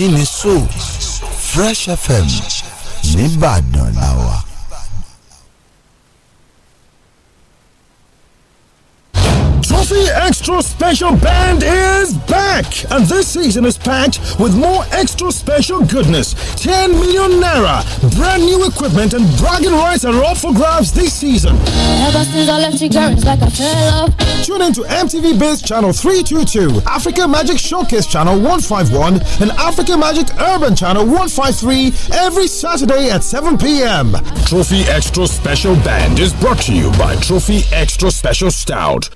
kíni so Fresh FM nìbàdàn Extra Special Band is back! And this season is packed with more extra special goodness. 10 million naira, brand new equipment, and bragging rights are all for grabs this season. Ever since I left you, girl, it's like I fell off. Tune in to MTV Base Channel 322, Africa Magic Showcase Channel 151, and Africa Magic Urban Channel 153 every Saturday at 7 p.m. Trophy Extra Special Band is brought to you by Trophy Extra Special Stout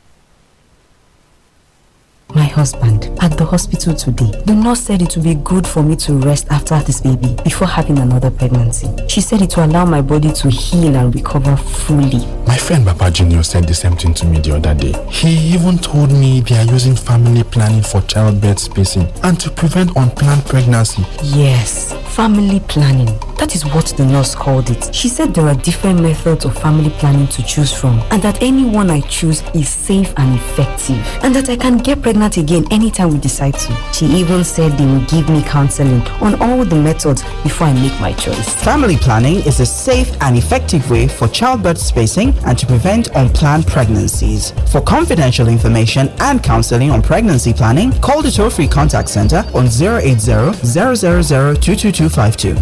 my husband at the hospital today. The nurse said it would be good for me to rest after this baby before having another pregnancy. She said it will allow my body to heal and recover fully. My friend Papa Junior said the same thing to me the other day. He even told me they are using family planning for childbirth spacing and to prevent unplanned pregnancy. Yes, family planning. That is what the nurse called it. She said there are different methods of family planning to choose from and that any one I choose is safe and effective and that I can get pregnant again anytime we decide to. She even said they will give me counseling on all the methods before I make my choice. Family planning is a safe and effective way for childbirth spacing and to prevent unplanned pregnancies. For confidential information and counseling on pregnancy planning, call the toll-free contact center on 080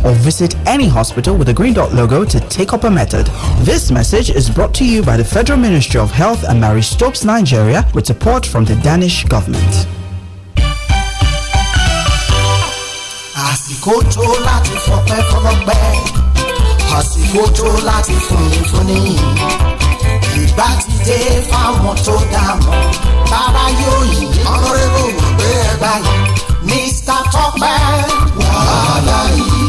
or visit any hospital with a green dot logo to take up a method. This message is brought to you by the Federal Ministry of Health and Mary Stopes Nigeria with support from the Danish government movement. àsìkò tó láti fọpẹ́ fọlọ́gbẹ́ àsìkò tó láti fúnni fúnni ìgbà ti dé fáwọn tó dààmú bàbá yóò yí ọ̀rẹ́ bò gbé Mr. Tọ́pẹ́ wàhálà yìí.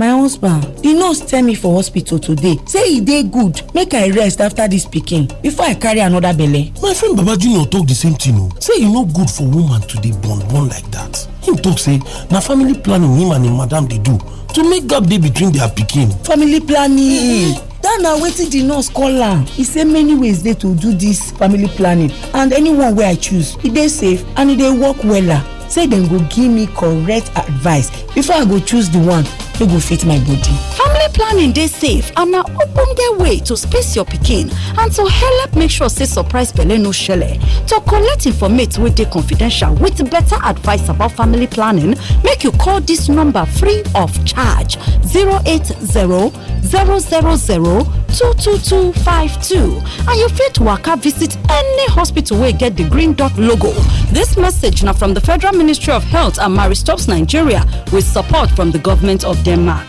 my husband the nurse tell me for hospital today say e dey good make i rest after this pikin before i carry another belle. my friend baba junior talk the same thing o oh. say e no good for woman to dey born born like that him talk say na family planning him and him madam dey do to make gap dey between their pikin. family planning. dat na wetin the nurse call am He say many ways dey to do this family planning and anyone wey i choose e dey safe and e dey work wella say dem go give me correct advice before i go choose the one wey go fit my body. family planning dey safe and na ogbonge way to space your pikin and to helep make sure say surprise belle no shele to collect informate wey dey confidential with better advice about family planning make you call this number free of charge 080 000 22252 and you fit waka visit any hospital wey get the green dot logo This message na from the federal ministry of health and marie stops nigeria with support from the government of their mark.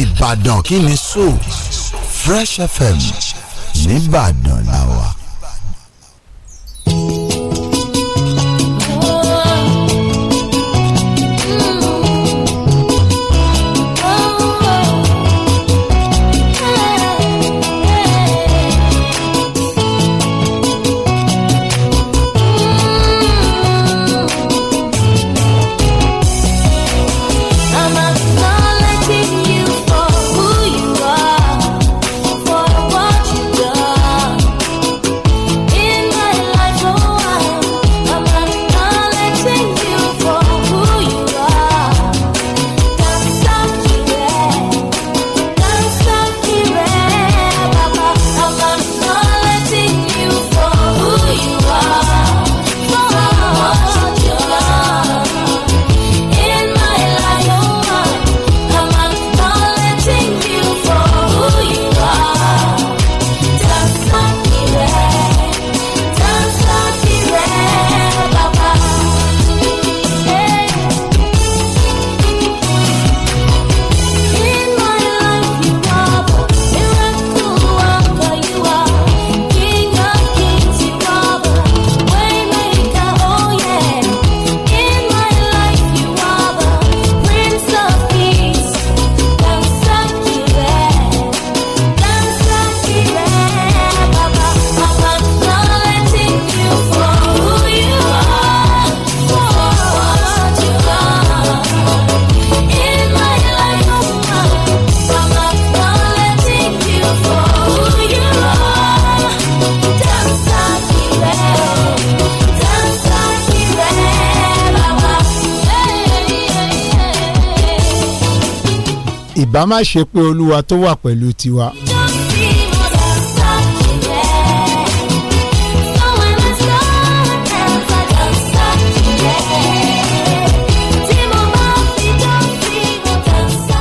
Ìbàdàn kí ni so Fresh FM nìbàdàn làwà. má ṣe pé olúwa tó wà pẹ̀lú tiwa.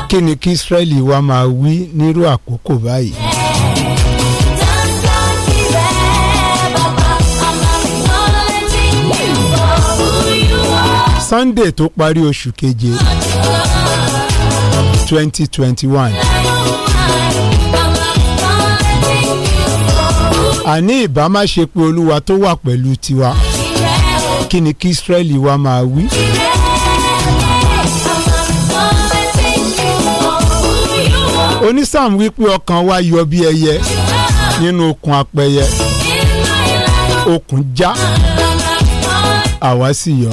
kí ni kí Ísírẹ́lì wa máa wí nírú àkókò báyìí. Sunday tó parí oṣù keje twenty twenty one. àní ìbámá ṣe pé olúwa tó wà pẹ̀lú tiwa kí ni kí Ísírẹ́lì wa máa wí. onísáàmù wípé ọkàn wa yọ bí ẹyẹ nínú okùn apẹyẹ okùn já àwa sì yọ.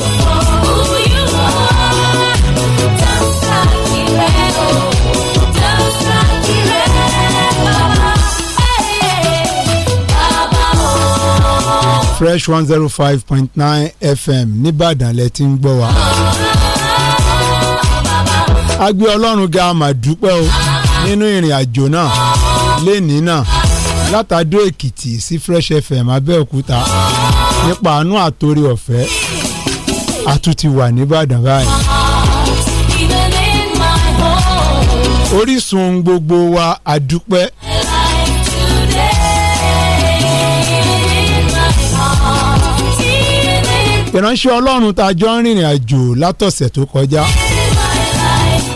fresh one zero oh five point nine fm nìbàdàn lẹ ti ń gbọ́ wa. a gbé ọlọ́run ga mà dúpẹ́ o nínú ìrìn àjò náà lẹ́nìí náà látàdó èkìtì sí fresh fm abẹ́òkúta nípa àánú àtòrí ọ̀fẹ́ àtúntì wà nìbàdàn báyìí. orísun gbogbo wa a dúpẹ́. ìránṣẹ́ ọlọ́run tá a jọ ń rìnrìn àjò látọ̀sẹ̀ tó kọjá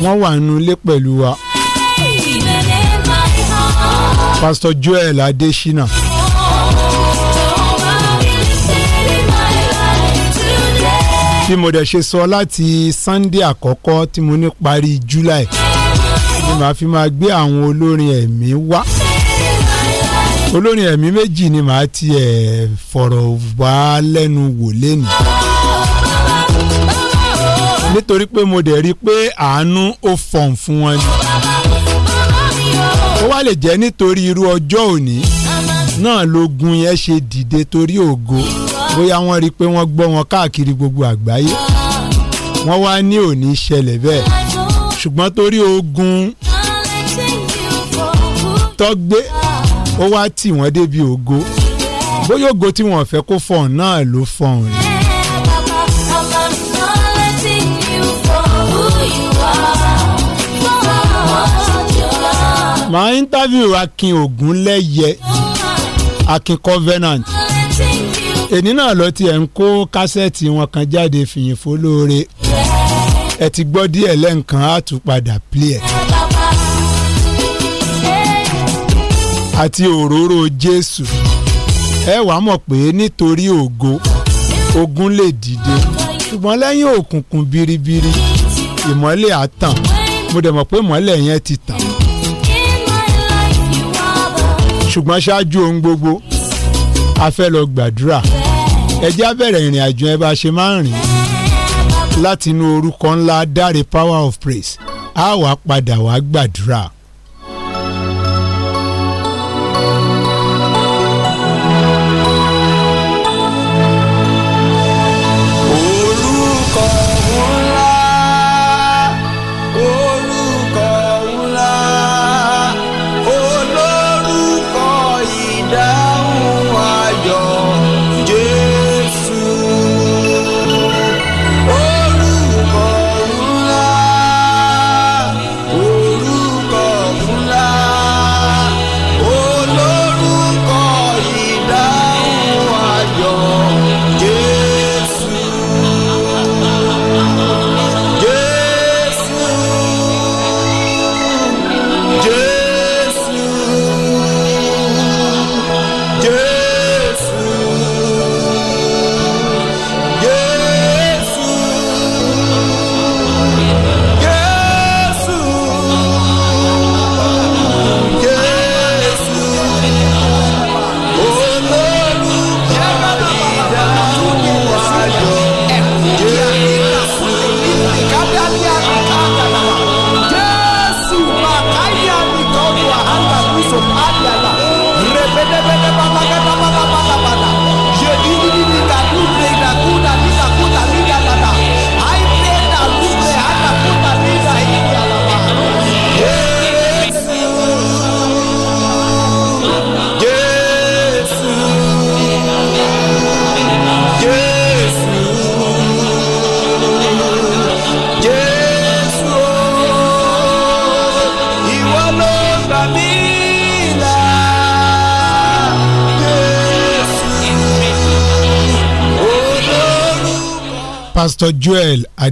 wọ́n wà nínú ilé pẹ̀lú wa pásítọ̀ Joel Adesina. bí mo dẹ̀ ṣe sọ láti Sunday àkọ́kọ́ tí mo ní parí July ni màá fi máa gbé àwọn olórin ẹ̀mí wá olórin ẹ̀mí méjì ni màá tiẹ̀ fọ̀rọ̀ wá lẹ́nu wò lẹ́nu nítorí pé mo dẹ̀ rí i pé àánú ó fọ̀n fún wọn ni ó wá lè jẹ́ nítorí irú ọjọ́ òní náà lógun yẹn ṣe dìde torí ògo bóyá wọ́n rí i pé wọ́n gbọ́ wọn káàkiri gbogbo àgbáyé wọ́n wá ní òní ṣẹlẹ̀ bẹ́ẹ̀ ṣùgbọ́n torí ogun tọ́gbé ó wá tì wọ́n débi ògo bóyá ògo tí wọ́n fẹ́ kó fọ̀n náà ló fọ̀n ni. màá interview Akin Ògúnlẹ́yẹ Akin Covenant èní náà lọ tiẹ̀ ń kó kásẹ̀tì wọn kan jáde fìyìnfó lóore ẹ ti gbọ́ díẹ̀ lẹ́ǹkan á tún àti òróró Jésù ẹ wàá mọ̀ pé nítorí ògo ogun lè dìde ṣùgbọ́n lẹ́yìn òkùnkùn biribiri ìmọ́lẹ̀ á tàn mo dẹ̀ mọ̀ pé ìmọ́lẹ̀ yẹn ti tàn ṣùgbọ́n ṣáájú ohun gbogbo a fẹ́ lọ gbàdúrà ẹ jẹ́ ìrìn àjò ẹ bá ṣe máa ń rìn látinú orúkọ ńlá dáre power of praise a wàá padà wàá gbàdúrà.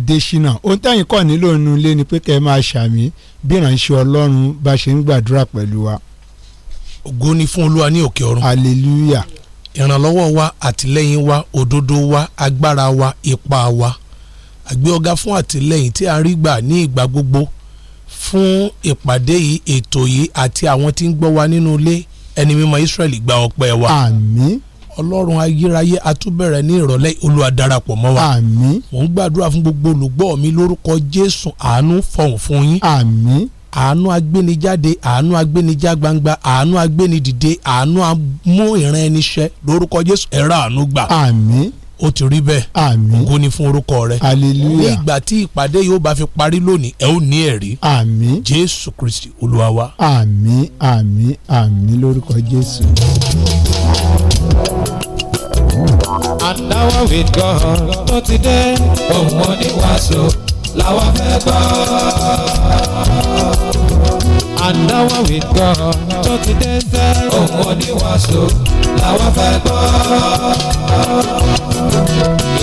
adésínà ohun tẹ́yìn kọ́ nílò inú ilé ni pé kẹ́ ẹ máa ṣàmì bí ọlọ́run bá ṣe ń gbàdúrà pẹ̀lú wa. ògo ni fún olúwa ní òkè ọ̀run. hallelujah. ìrànlọ́wọ́ wa àtìlẹ́yìn wa òdodo wa agbára wa ipa wa àgbé ọ̀gá fún àtìlẹ́yìn tí a rí gbà ní ìgbà gbogbo fún ìpàdé yìí ètò yìí àti àwọn tí ń gbọ́ wa nínú ilé ẹni mímọ́ Ísírẹ́lì gba ọpẹ́ wa. àmín ọlọ́run ayérayé àtúbẹ̀rẹ̀ ní ìrọ̀lẹ́ olúwa darapọ̀ mọ́ wa. àmín. mò ń gbàdúrà fún gbogbo olùgbọ́ mi lórúkọ jésù àánú fọ̀hún fún yín. àmín àánú agbénijáde àánú agbénijá gbangba àánú agbénidìde àánú amú ìran ẹni ṣẹ lórúkọ jésù ẹ̀rọ àánú gbà. àmín ó ti rí bẹ́ẹ̀. àmín ògo ni fún orúkọ rẹ. hallelujah ní ìgbà tí ìpàdé yóò bá fi parí lónìí ẹ ó ní ẹ̀rí. àmín jésù kristi olúwa wa. àmín àmín àmín lórúkọ jésù and our with God tó ti dé. Òun oníwàásù làwa fẹ́ gbọ́. and our with God tó ti dé sẹ́. Òun oníwàásù làwa fẹ́ gbọ́.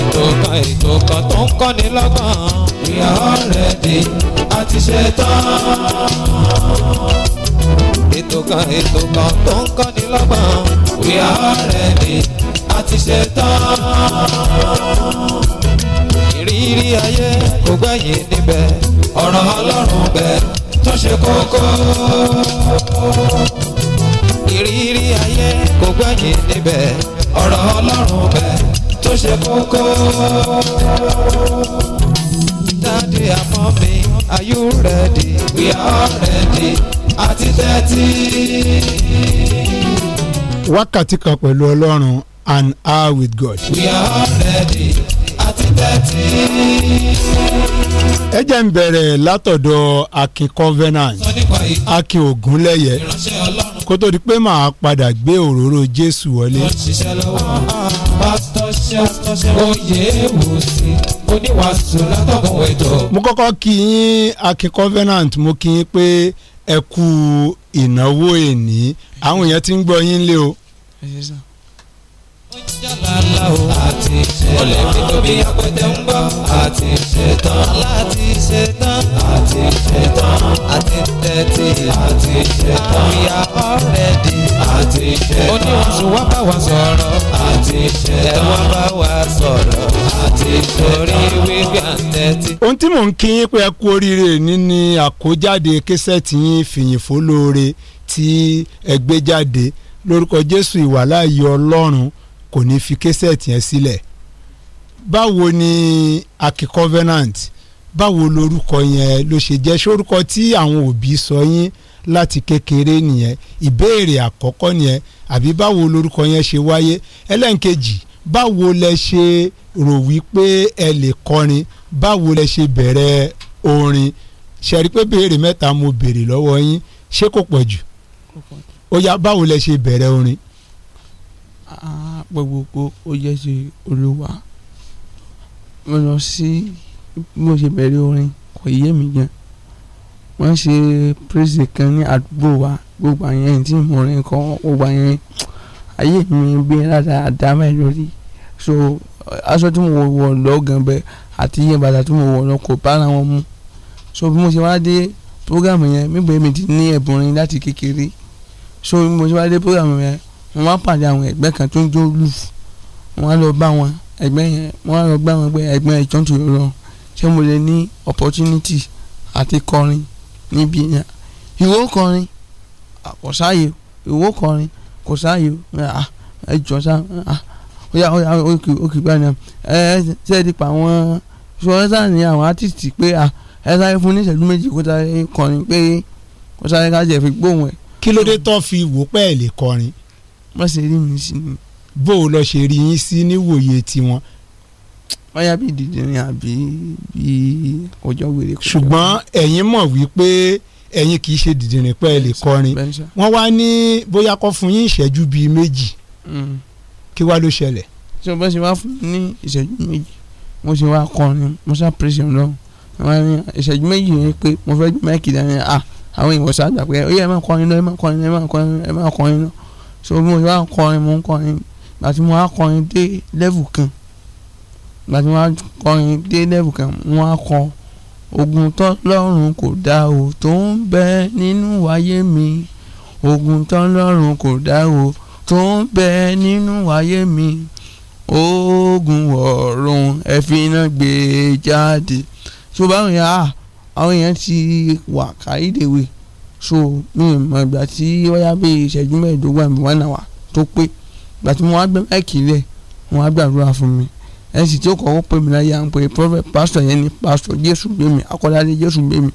Ètò kan ètò kan tó ń kọ́ni lọ́gbọ̀n. We are already a ti ṣe tán. Ètò kan ètò kan tó ń kọ́ni lọ́gbọ̀n. We are already ti ṣe tán. ìrírí ayé kò gbẹ̀yìn níbẹ̀ ọ̀rọ̀ ọlọ́run bẹ̀ tó ṣe kókó. ìrírí ayé kò gbẹ̀yìn níbẹ̀ ọ̀rọ̀ ọlọ́run bẹ̀ tó ṣe kókó. dáàdi àmọ́ mi are you ready? we are ready àti tẹ́tí. wákàtí kan pẹ̀lú ọlọ́run an hour with God. We are all ready àti tẹ́tí. ẹ jẹ́ ń bẹ̀rẹ̀ látọ̀dọ̀ Akin Covenant Akin Ògúnlẹ̀yẹ kó tó di pé màá padà gbé òróró Jésù wọlé. mo kọ́kọ́ kí yín Akin Covenant mo kí yín pé ẹ kú ìnáwó èní àwọn èèyàn ti ń gbọ́ yín lé o. Yes, àti ṣetán olè mi tóbi apẹtẹ ń bọ̀ àti ṣetán láti ṣetán àti ṣetán àti tẹ́tí àti ṣetán àríyá ọ̀rẹ́dì àti ṣetán oníwọ̀nsù wá bá wa sọ̀rọ̀ àti ṣetán ẹ̀wọ̀n ohun tí mò ń kí yín pé ẹ kú oríire ní ni àkójáde késẹ́ẹ̀tì yín fìyìnfó lóore tí ẹ gbé jáde lórúkọ Jésù ìwàláyé Ọlọ́run kò ní fi késẹ̀tì yẹn sílẹ̀ báwo ni aki covenant báwo lorúkọ yẹn ló ṣe jẹ́ sórúkọ tí àwọn òbí sọ yín láti kékeré nìyẹn ìbéèrè àkọ́kọ́ nìyẹn àbí báwo lorúkọ yẹn ṣe wáyé ẹlẹ́nkejì báwo lẹ ṣe rò wípé ẹ lè kọrin báwo lẹ ṣe bẹ̀rẹ̀ orin ṣe pé béèrè mẹ́ta mo béèrè lọ́wọ́ yín ṣé kò pọ̀ ó yá báwo lẹ ṣe bẹ̀rẹ̀ orin pé gbogbo ó jẹ́ ti olúwa mo lọ sí mo ṣe bẹ̀rẹ̀ orin kò yé mi gan wọ́n ṣe praise kan ní àdúgbò wa gbogbo àyẹn tí mo rìn kọ́ gbogbo àyẹn ayé mi gbé dáadáa mẹ́rin lórí so aṣọ tí mo wọ̀ lọ́gàn bẹ́ẹ̀ àti iye bàtà tí mo wọ̀ lọ kò bá ara wọn mu so bí mo ṣe wá dé program yẹn mi gbé mi ti ní ẹ̀bùn rin láti kékeré so bí mo ṣe wá dé program yẹn mo wá pàdé àwọn ẹgbẹ́ kan tó ń jó lùfù mo wá lọ bá wọn ẹgbẹ́ yẹn mo wá lọ bá wọn pé ẹgbẹ́ ìjọ tó lọ ṣé mo lè ní opportunity àti kọrin níbi yẹn ìwọ kọrin kò sáàyè ìwọ kọrin kò sáàyè ẹ jọ sá ó yà ó yà ó kì í bá yẹn ẹ ṣe é ti pa àwọn ṣọlẹ́sà ni àwọn artiste pé ẹ sáré fún ní ìṣẹ́jú méjì kó sáré kọrin pé kó sáré ká jẹ́ fi gbóhùn ẹ̀. kí ló dé tó fi wò pé ẹ lè kọrin wọ́n ṣe rí mi sí ni. bó o lọ ṣe rí yín sí níwòye tiwọn. bóyá bíi dídìrín àbí bíi ọjọ́ wèrè. ṣùgbọ́n ẹ̀yin mọ̀ wípé ẹ̀yin kì í ṣe dídìrín pé ẹ lè kọrin wọ́n wá ní bóyá kọ́ fún yín ìṣẹ́jú bíi méjì mm. kí wá ló ṣẹlẹ̀. ṣé o bá ṣe wá fún ní ìṣẹ́jú méjì mo ṣe wá kọrin mo ṣá pèsè lọ́wọ́ ìṣẹ́jú méjì ni pé mo fẹ́ jù mẹ́kì dání à ah, àwọn ìwòsàn àgbà pé ó yẹ ẹ máa kọrin lọ ẹ máa kọrin lọ ẹ máa kọrin lọ so bí mo bá ń kọrin mo ń kọrin àti mo á kọrin dé lẹ́vù kan àti mo á kọrin dé lẹ́vù kan mo á kọ ogun tọ́lọ́run kò dá o tó ń bẹ nínú wáyé mi ogun tọ́lọ́run kò dá o tó ń bẹ nínú wáyé mi ogun ọ̀run ẹ fi iná gbé e jáde so báwọn yẹn ah, àwọn èèyàn ti wà káyídéwèé so mi ò mọ ìgbà tí wáyà bí ìṣẹ́jú mẹ́ẹ̀ẹ́dógún àmì one hour tó pé ìgbà tí mo wá gbé mẹ́ẹ̀kì lẹ̀ wọ́n á gbàdúrà fún mi ẹ̀ sì tí ó kọ́kọ́ pè mí láyé ń pè prophet pastor yẹn ni pastor Jésù gbé mi Akọ́ládé Jésù gbé mi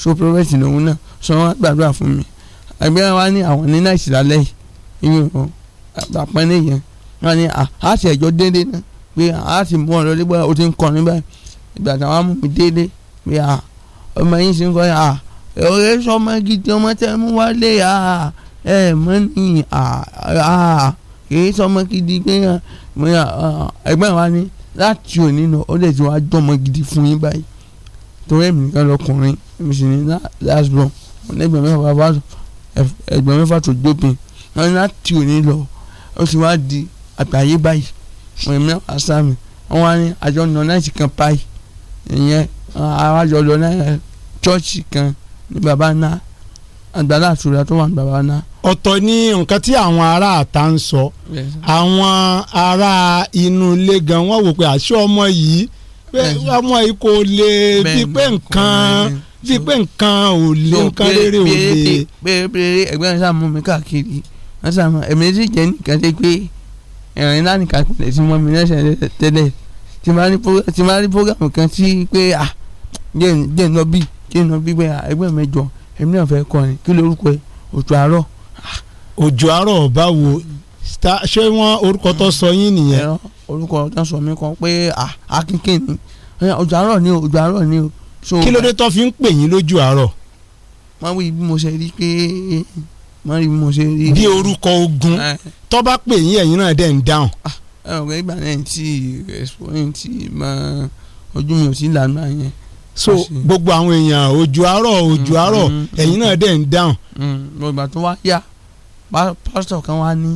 so prophet lòun náà sọ wọ́n á gbàdúrà fún mi ẹgbẹ́ wa ní àwọn ní náà ìsìlálẹ̀ yìí ìwé àpẹ́ nìyẹn wọ́n ní àti ẹ̀jọ́ déédéé náà pé àti mú ọ̀rọ̀ lé bọ́lá o ti ń kọrin ọ̀rẹ́ sọmọ gidi ọmọ tẹ́ mú wálé ẹ mọ́ ni kìí sọmọ gidi pé ẹgbẹ́ wa ni láti òní lọ ó dẹ̀ ti wá jọmọ gidi fún yín báyìí torí èmi nìkan lọkùnrin èmi sì ní last born ẹgbẹ̀rún mẹ́fà bá ẹgbẹ̀rún mẹ́fà tó dópin wọn ni láti òní lọ ó sì wá di àgbáyé báyìí wọn èmi náà sáàmì wọn wá ní àjọ nọ náà sì kan páì ìyẹn àwájọ lọ náà chọ́ọ̀chì kan baba ná àgbàlá àtúrà tó wà ní baba ná. ọ̀tọ̀ ni nǹkan tí àwọn ará àta ń sọ àwọn ará inú ilé gan wọ́n wò pé àṣé ọmọ yìí ọmọ yìí kò lè bíi pé nǹkan bíi pé nǹkan ò lè nǹkan rere ò lè. pérépéré ẹgbẹ́ rẹ̀ sàmú mi káàkiri wọ́n sàmú ẹ̀mí sì jẹ́ nìkan ṣe pé ẹ̀rìn ńlá nìkan kò lè ti mi lẹ́sẹ̀ tẹ́lẹ̀ tí máa rí programu kan sí pé ah jẹ́ ń tí iná gbígbẹ́ ẹgbẹ́ mẹ́jọ èmi náà fẹ́ kọrin kí lorúkọ ẹ òjò àárọ̀. Ah. òjò àárọ̀ báwo ṣé wọ́n orúkọ tó sọ yín nìyẹn. orúkọ tó sọ mí kan pé akínkín ni òjò àárọ̀ ni òjò àárọ̀ ni kí ló dé tó fi ń pè yín lójú àárọ̀. wọ́n wí bí mo ṣe rí pé wọ́n rí bí mo ṣe rí. bí orúkọ ogun tó bá pè yín ẹ̀yin náà dẹ̀ ń dáhùn. ẹ ìgbà náà ti ojú mi ò sí lànà yẹn so gbogbo àwọn èèyàn ojú àárọ̀ ojú mm, àárọ̀ mm, ẹ̀yin náà mm. dẹ̀ ń dáhùn. ìgbà tó wá yá pásítọ̀ kan wá ní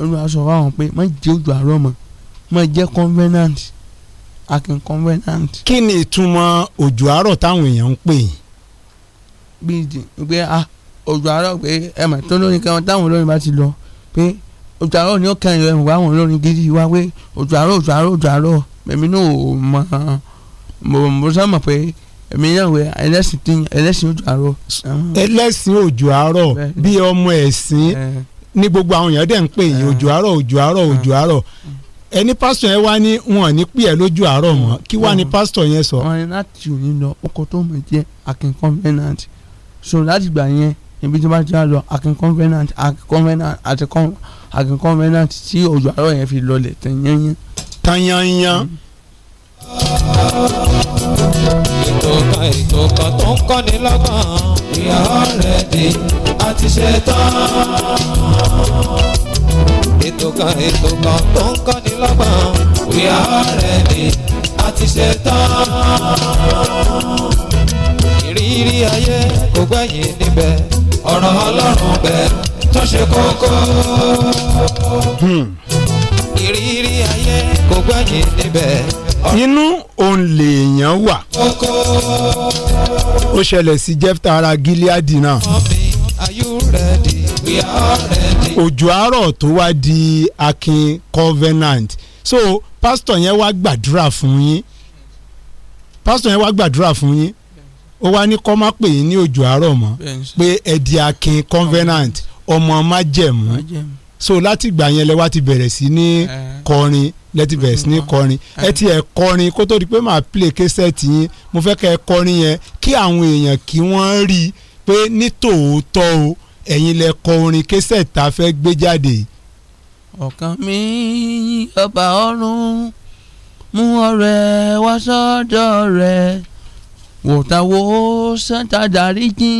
olùwà sọ fáwọn pé má jẹ́ ojú àárọ̀ mọ́ má jẹ́ convenant akin convenant. kí ni ìtumọ̀ ojú àárọ̀ táwọn èèyàn ń pè yín. bíi ti pé ah ojú àárọ̀ pé ẹ mà tó lórí kan táwọn olórin bá ti lọ pé ojú àárọ̀ ni ó kẹrin rẹ̀ wá àwọn olórin gidi wá pé ojú àárọ̀ ojú àárọ̀ ojú àárọ̀ mẹ̀mí náà ò mọ̀ ọ́n mo mo sá mọ̀ pé èmi náà wẹ ẹlẹ́sìn tí ẹlẹ́sìn òjò àárọ̀. Ah. ẹlẹ́sìn òjò àárọ̀ bí ọmọ ẹ̀sìn ní gbogbo àwọn èèyàn dẹ̀ ń pè yín òjò àárọ̀ òjò àárọ̀ òjò àárọ̀ ẹni pásítọ̀ yẹn wá ní wọn ní pè ẹ́ lójú àárọ̀ mọ́ kí wá ní pásítọ̀ yẹn sọ. wọn ni láti òní lọ ọkọ tó mọ jẹ akin convenant so láti gbà yẹn ibi tí wọn ti wá lọ akin convenant akin convenant àti akin convenant tí òjò àárọ̀ yẹn fi lọlẹ̀ tẹ̀yẹ́yẹ́. tẹ̀yẹ́yẹ́ ètò kan ètò kan tó ń kọ́ni lọ́gbọ̀n. ìyàwó rẹ̀ di a ti ṣe tán. ètò kan ètò kan tó ń kọ́ni lọ́gbọ̀n. ìyàwó rẹ̀ di a ti ṣe tán. ìrírí ayé kò gbẹ̀yìn níbẹ̀ ọ̀rọ̀ ọlọ́run bẹ́ẹ̀ tó ṣe kókó. ìrírí ayé kò gbẹ̀yìn níbẹ̀ inú òun lèèyàn wà ó ṣẹlẹ̀ sí Jẹ́fítà ará Gíláàdì náà òjò àárọ̀ tó wá di akin covenant so Pastor, yẹn wá gbàdúrà fún yín Pastor, yẹn wá gbàdúrà fún yín ó wá ní kọ́ má pè yín ní òjò àárọ̀ mọ́ pé ẹ di akin covenant ọmọ májẹ̀mú. májẹ̀mú so láti gbà yẹn lẹ wá ti bẹ̀rẹ̀ sí ní eh. kọrin lẹ ti bẹ̀rẹ̀ sí ní mm-hmm. kọrin eh. ẹ ti ẹ̀ kọrin kó tó di pé màá play késẹ́ẹ̀tì yín mo fẹ́ kẹ́ ẹ kọrin yẹn kí àwọn èèyàn kí wọ́n rí i pé ní tòótọ́ o ẹ̀yin lẹ kọ orin késẹ́ẹ̀tì fẹ́ gbé jáde. ọkàn mi ọba ọ̀run mú ọrẹ wá sọ́dọ̀ rẹ̀ wòtàwó sẹ́ńtà dáríjì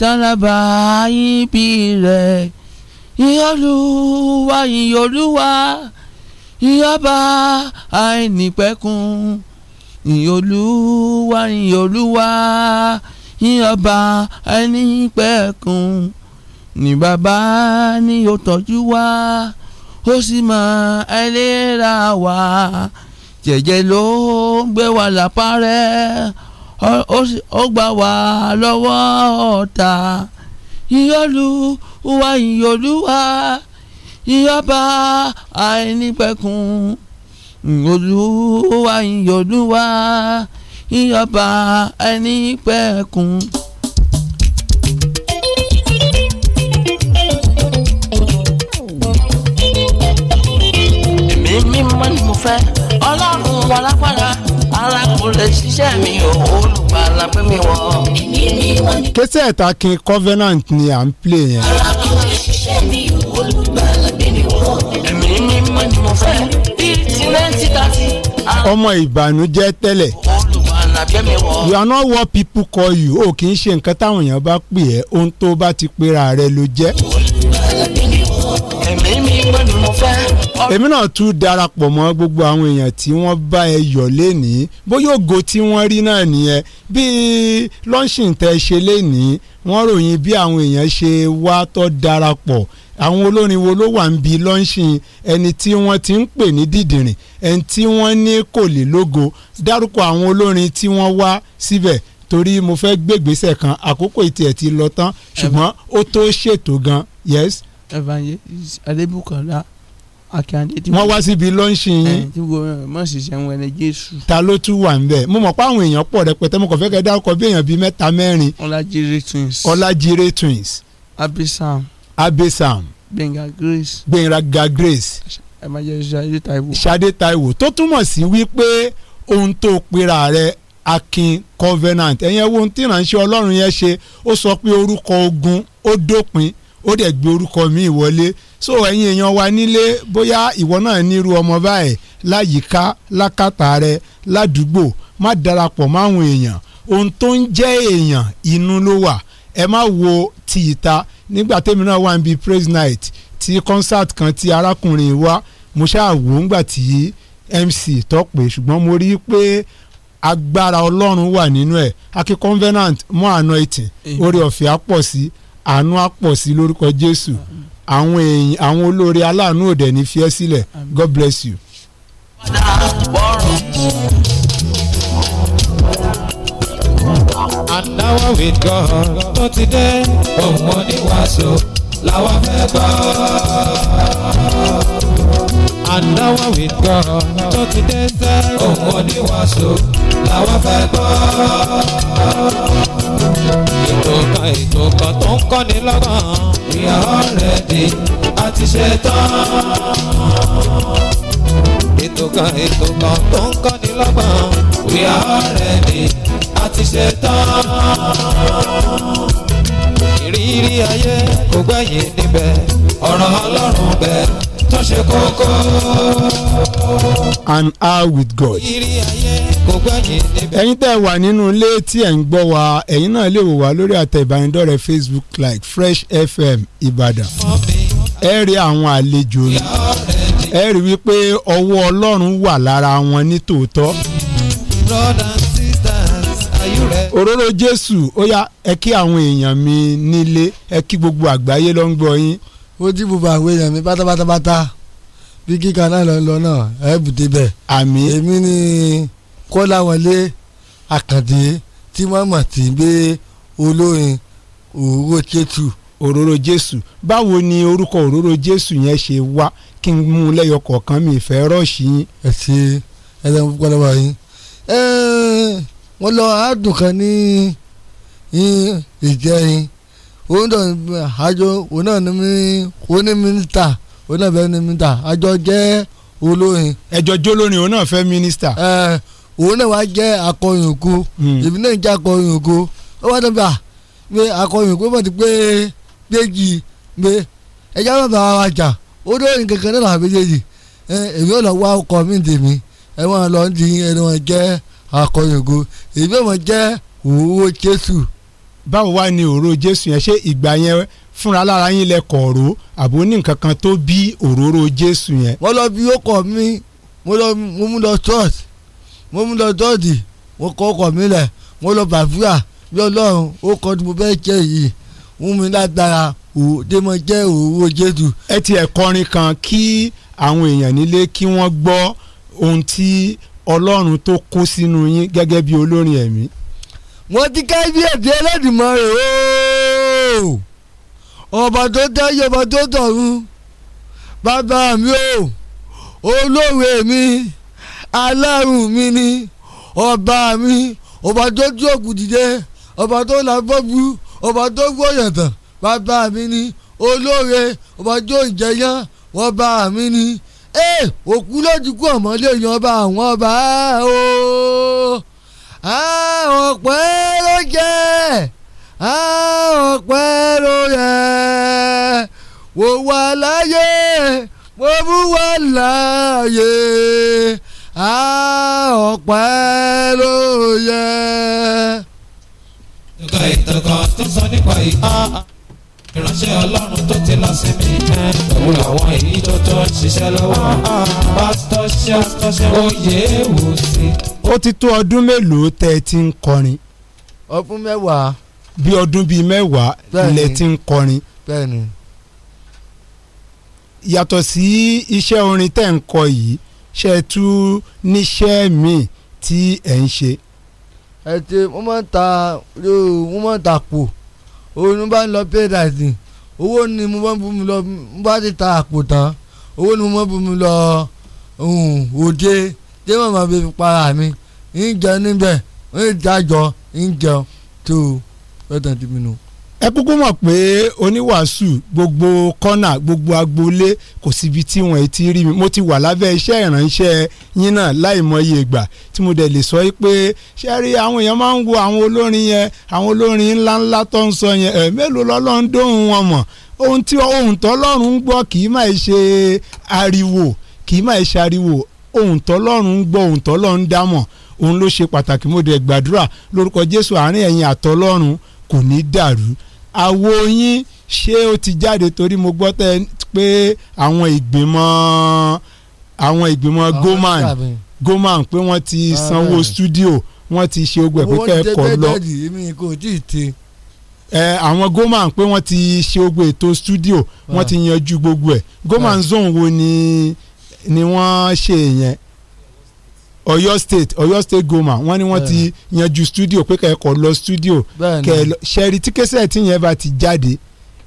tálábà yín bí rẹ̀ ìyọ́lúwa ìyọ́lúwa ìyọ́ba àìnípẹ̀kun ìyọ́lúwa ìyọ́lúwa ìyọ́ba àìnípẹ̀kun ní bàbá ni ó tọ́jú wa ó sì mọ ẹlẹ́ra wa jẹ̀jẹ̀ ló ń gbé wa lápá rẹ̀ ó gbà wá lọ́wọ́ ọ̀tá ìyọ́lúwa wá ìyọlúwa ìyọba àìnípẹ̀kun olúwa ìyọlúwa ìyọba àìnípẹ̀kun. èmi mímọ́ ni mo fẹ́ ọlọ́run wọlá padà rárá kò ṣiṣẹ́ mi ò olùgbàlà pé mi wọ. késẹ́ ẹ̀ta kin covenant ni à ń plé yẹn. rárá ṣiṣẹ́ mi ò olùgbàlà pé mi wọ. ẹ̀mí ni mo ni mo fẹ́ bí ti rẹ́ǹtì tàbí. ọmọ ìbànújẹ́ tẹ́lẹ̀. you are not what people call you o kì í ṣe nǹkan táwọn èèyàn bá pè ẹ́ ohun tó bá ti pera rẹ ló jẹ́ ẹ̀mí mímọ́ ni mo fẹ́. èmi náà tún darapọ̀ mọ́ gbogbo àwọn èèyàn tí wọ́n bá ẹ yọ̀ lénìí bóyá ògo tí wọ́n rí náà nìyẹn bíi lọ́ńṣìn tẹ́ ṣe lénìí wọ́n ròyìn bí àwọn èèyàn ṣe wá tó darapọ̀ àwọn olórin wo ló wà ń bi lọ́ńṣìn ẹni tí wọ́n ti ń pè ní dìdìrìn ẹni tí wọ́n ní kò lè lógo dárúkọ àwọn olórin tí wọ́n wá síbẹ̀ torí mo fẹ́ gbégbèsè kan àkókò ìtì ẹ̀ ti lọ tán ṣùgbọ́n ó tó ṣètò gan yes evangelist adébùkọ́lá akíndé. wọ́n wá síbi lọ́ńṣìn yín. Eh, tí gómìnà mọ̀ ṣiṣẹ́ wọn ni jésù. ta ló tún wà ń bẹ̀ mo mọ̀ pé àwọn èèyàn pọ̀ rẹpẹtẹ mo kàn fẹ́ kẹ́ dárúkọ bí èèyàn bíi mẹ́ta mẹ́rin. ọlájire twins. ọlájire twins. abesam. abesam. gbẹ̀ngà grace. gbẹ̀ngà grace. ẹ máa jẹ ṣadé taiwo. ṣadé taiwo tó túmọ̀ sí wípé ohun tó pera rẹ̀ akin covenant ẹ̀yẹn wo ohun tí ìránṣẹ́ ọlọ́run yẹn ṣe ó sọ pé orúkọ ogun ó dópin ó dẹ̀ gbé orúkọ mi wọlé so ẹ̀yin èèyàn wa nílé bóyá ìwọ náà nírú ọmọ báyìí láyìíká lákàtà rẹ ládùúgbò má darapọ̀ máwọn èèyàn ohun tó ń jẹ́ èèyàn inú ló wà ẹ má wo ti ìta nígbà tèmi náà wà níbi praise night ti concert kan ti arákùnrin wa mo ṣáà wò ó ńgbà tí MC tó ṣùgbọ́n mo rí i pé agbára ọlọ́run wà nínú ẹ̀ akí convenant mọ́ àna ìtìn orí ọ̀fẹ́ á pọ̀ sí i àánú á pọ̀ sí lórúkọ Jésù àwọn èèyàn àwọn olóore aláàánú òde ní fiẹ́ sílẹ̀ God bless you. àdáwọ̀ with God tó ti dé òun mọ́ ní wàásù làwọn fẹ́ gbọ́ and with God tó ti òun oníwàásù làwọn fẹ́ gbọ́. ètò kan ètò kan tó ń kọ́ni lọ́gbọ̀n. we are already a ti ṣe tán. ètò kan ètò kan tó ń kọ́ni lọ́gbọ̀n. we are already a ti ṣe tán ìrírí ayé kò gbẹ̀yìn níbẹ̀ ọ̀rọ̀ ọlọ́run bẹ̀ tó ṣe kókó. an hour with God. ìrírí ayé kò gbẹ̀yìn níbẹ̀. ẹ̀yin tẹ́ wà nínú ilé tí ẹ̀ ń gbọ́ wa ẹ̀yin náà lè wò wá lórí àtẹ ìbánidọ́rẹ̀ẹ́ Facebook like Fresh FM Ìbàdàn ẹ rí àwọn àlejò mi ẹ rí wípé ọwọ́ ọlọ́run wà lára wọn ní tòótọ́ òróró jésù ó yá ẹ kí àwọn èèyàn mi nílé ẹ kí gbogbo àgbáyé ló ń gbọ́ yín. ó jí gbogbo àwọn èèyàn mi pátápátápátá bí kíkan náà lọ lọ náà ẹ bùdé bẹ. àmín èmi ni kọ́láwọlé àkàndé tí wọ́n mọ̀ sí gbé olórin òróró jésù. òróró jésù báwo ni orúkọ òróró jésù yẹn ṣe wá kí n mú un lẹ́yọ kọ̀ọ̀kan mi ìfẹ́ rọ́ọ̀ṣì yín. ẹ ṣe ẹ lẹ́nu púpọ̀ lọ́wọ́ yín. wọ́n lọ àádùn kan ní ìjẹrin òun náà àjọ òun náà ní onímínísítà òun náà fẹ́ mínísítà àjọ jẹ́ olórin. ẹjọ jólórin òun náà fẹ́ mínísítà. ẹ òun náà wá jẹ́ hmm. èmi náà jẹ́ akọrin ó wá dábàá pé akọrin bọ̀ ti pé pé ẹjọ́ bàbá wa jà ó kankan náà làwọn méjèèjì èmi ò lọ wá ọkọ mi ẹ wọn lọ ń di ẹni wọn jẹ́ akọrin ògo èmi ọmọ jẹ́ òróró jésù. báwo wá ni òróró jésù yẹn ṣé ìgbà yẹn fúnra lára yín lẹ kọ̀ọ̀rọ̀ àbò ní nǹkan kan tó bí òróró jésù yẹn. wọ́n lọ bí ọkọ mi mo lọ mo mú lọ church mo mú lọ dọ́ọ̀dì mo kọ ọkọ mi lẹ̀ mo lọ bàbúrà bí ọlọ́run ó kọ́ tí mo fẹ́ jẹ́ yìí mú mi lágbára òde jẹ́ òwò jésù. ẹ ti ẹ̀ kọrin kan kí àwọn èèyàn nílé kí wọ́n gbọ́ ohun tí ọlọ́run tó kó sínú yín gẹ́gẹ́ bí olórin ẹ̀mí. mo ti kábíyèsí Ẹlẹ́dùmarè ooo ọba tó tẹ́yẹ ọba tó tọ̀run bàbá mi o olóore mi alárùn mi ni ọba mi ọba tó tú òkú dìde ọba tó là bọ́bú ọba tó gbóyè tán bàbá mi ni olóore ọba tó ìjẹyàn ọba mi ni ee eh, òkú ló ti kú ọmọlé yan ọba àwọn ọba o ọpẹ́ ló jẹ́ ọpẹ́ ló yẹ wò wà láyé mo mú wà láyé ọpẹ́ ló yẹ. ìtàn ìtàn tó sọ nípa ìtàn ìránṣẹ́ ọlọ́run tó ti lọ sí mi pẹ̀lú àwọn èyí tó tó ń ṣiṣẹ́ lọ́wọ́ pásítọ̀ ṣe pásítọ̀ ṣe oyè wò sí. ó ti tó ọdún mélòó tẹ́ ẹ ti ń kọrin. ọdún mẹ́wàá. bí ọdún bíi mẹ́wàá lẹ ti ń kọrin. bẹ́ẹ̀ni. yàtọ̀ sí iṣẹ́ orin tẹ́ ń kọ yìí ṣe é tú níṣẹ́ míì tí ẹ̀ ń ṣe. ẹ ti wọ́n máa ń ta wọ́n máa pò òun bá ń lọ pay rice ni owó ni mo bá ń bumi lọ mo bá ti ta àpò tán owó ni mo bá ń bumi lọ òde tí màmá fi para mi ń jẹ níbẹ̀ ń jájọ ń jẹun tó ẹ̀tàn tí mi nù ẹ kúkú mọ̀ pé oníwàásù gbogbo kọ́nà gbogbo agboolé kò síbi tí wọ́n ti rí mi mo ti wà lábẹ́ iṣẹ́ ìránṣẹ́ yín náà láìmọye ìgbà tí mo dẹ̀ lè sọ pé ṣé rí àwọn èèyàn máa ń wo àwọn olórin yẹn àwọn olórin ńláńlá tó ń sọ yẹn ẹ̀ mélòó lọ́lọ́run dóhùn wọn mọ̀ ohun tí ohun tọ́lọ́run ń gbọ́ kì í máa ṣe ariwo kì í máa ṣe ariwo ohun tọ́lọ́run ń gbọ́ ohun tọ́lọ́run dámọ̀ òun ló ṣe pàtàkì mo dẹ̀ gbàdúrà lórúkọ Jésù àárín ẹ̀yin àtọlọ́run kò ní dàrú àwo yín ṣé ó ti jáde torí mo gbọ́ tẹ́ pé àwọn ìgbìmọ̀ àwọn ìgbìmọ̀ goman goman pé wọ́n ti sanwó studio wọ́n ti ṣe ogun ẹ̀ pé kẹ́ẹ̀kọ́ lọ. owó jẹ́ bẹ́ẹ̀ dì í àwọn goman pé wọ́n ti ṣe ogbe ètò studio wọ́n ah. ti yanjú gbogbo ẹ̀ goman ah. zone wo ni ni wọ́n ṣe yẹn. Oyo state Oyo state goma wọ́n ní wọ́n ti yanjú studio pé kẹ́kọ̀ọ́ lọ studio kẹ́lọ ṣẹ́rí tí kẹsẹ̀ tí yẹn bá ti jáde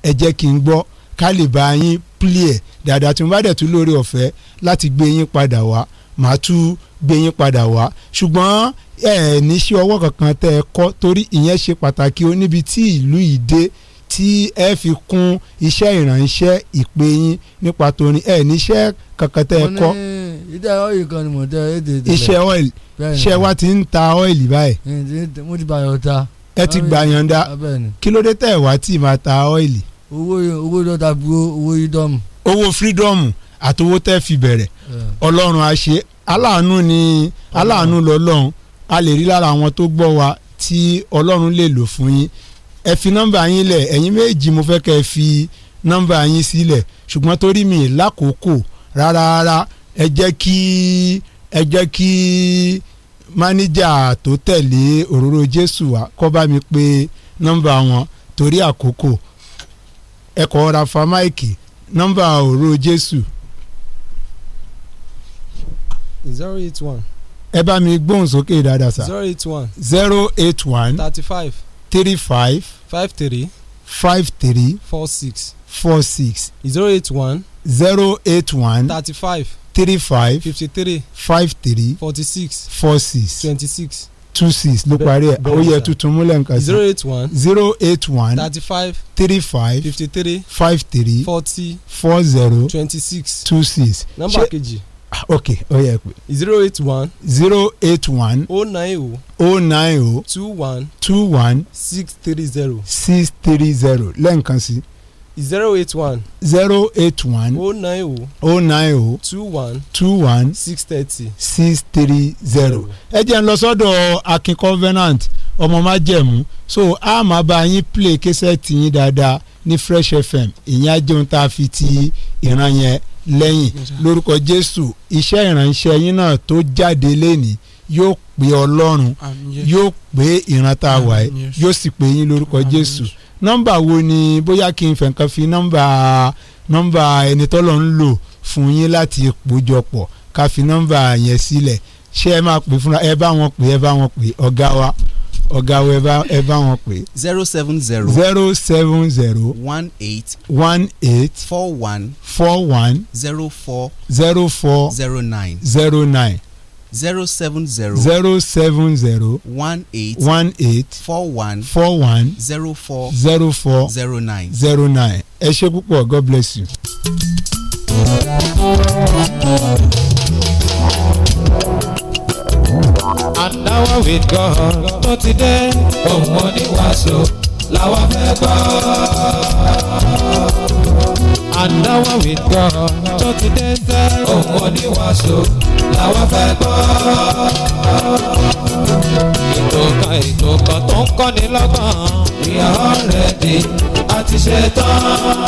ẹ jẹ́ kí n gbọ́ ká lè bá yín plé ẹ̀ dáadáa tí mo bá dẹ̀ tún lórí ọ̀fẹ́ láti gbé yín padà wá màá tún gbé yín padà wá ṣùgbọ́n ẹ ní ṣe ọwọ́ kankan tẹ́ ẹ kọ́ torí ìyẹn ṣe pàtàkì ó níbi tí ìlú yìí dé tí ẹ fi kún iṣẹ́ ìrànṣẹ́ ìpè yín nípa torin ẹ níṣẹ́ kankan tẹ́ ẹ kọ́. iṣẹ́ ọ́ìlì ni mo tẹ ẹ́ tètè. iṣẹ́ wa ti ń ta ọ́ìlì báyìí. ẹ ti gbàyàn da ah, kí ló dé tẹ̀ wá tí máa ta ọ́ìlì. owó owó dọ́ta búrò owó freedom. owó freedom àtowó tẹ́ fi bẹ̀rẹ̀ eh. ọlọ́run á ṣe aláàánú ni aláàánú lọ́lọ́run a lè rí lára àwọn tó gbọ́ wa tí ọlọ́run lè lò fún yín ẹ fi nọ́mbà yín lẹ̀ ẹ̀yin méjì mo fẹ́ kẹ́ ẹ fi nọ́mbà yín sílẹ̀ ṣùgbọ́n torí mi lákòókò rárá rárá ẹ jẹ́ kí ẹ jẹ́ kí mánéjà tó tẹ̀lé òróró jésù wá bá mi pé nọ́mbà wọn torí àkókò ẹ kọ́ ra fa máìkì nọ́mbà òróró jésù. zero eight one. ẹ bá mi gbóhùn sókè dáadáa sá. zero eight one. zero eight one. thirty five three five. five three. five three. four six. four six. zero eight one. zero eight one. thirty five. three five. fifty three. five three. forty six. four six. twenty six two six ló parí ẹ ó yẹ tuntun múlẹ̀ nǹkan sí. zero eight one. zero eight one. thirty five. three five. fifty three. five three. forty. four zero. twenty six. two six. nọ́mbà kejì ok ó yẹ pé. zero eight one. zero eight one. o nine o o nine o two one. two one. six three zero. six three zero lẹ́ǹkan sí. zero eight one. zero eight one. o nine o o nine o two one. two one. six thirty. six three zero. ẹ jẹ́ ń lọ sọ́dọ̀ akin covenant ọmọ májẹ̀mú so a máa bá yín play kẹsẹ̀ tì yín dáadáa ní fresh fm ìyẹn á jẹun tá a fi ti ìran yẹn lẹ́yìn lórúkọ Jésù iṣẹ́ ìránṣẹ́ yín náà tó jáde lénìí yóò pé Ọlọ́run yóò pé ìran tá a wà yìí yóò sì pé yín lórúkọ Jésù nọ́mbà wo ni bóyá kí n fẹ̀ǹkan fi nọ́mbà nọ́mbà ẹni tọ́lọ̀ ń lò fún yín láti kójọpọ̀ ká fi nọ́mbà yẹn sílẹ̀ ṣé ẹ máa pè fúnra ẹ bá wọn pè ẹ bá wọn pè ọ̀gá wa ọ̀gá wo ẹ bá wọn pè. zero seven zero. zero seven zero. one eight. one eight. four one. four one. zero four. zero four. zero nine. zero nine zero seven zero. zero seven zero. one eight. one eight. four one. four one. zero four. zero four. zero nine. zero nine. ẹ ṣé púpọ̀ God bless you. and hour with God tó ti dé. Òun oníwàásù làwa fẹ́ gbọ́. And hour with God tó ti dé sẹ́. Òun oníwàásù làwa fẹ́ gbọ́. Ètò kan ètò kan tó ń kọ́ni lọ́gbọ̀n. We are already a ti ṣe tán.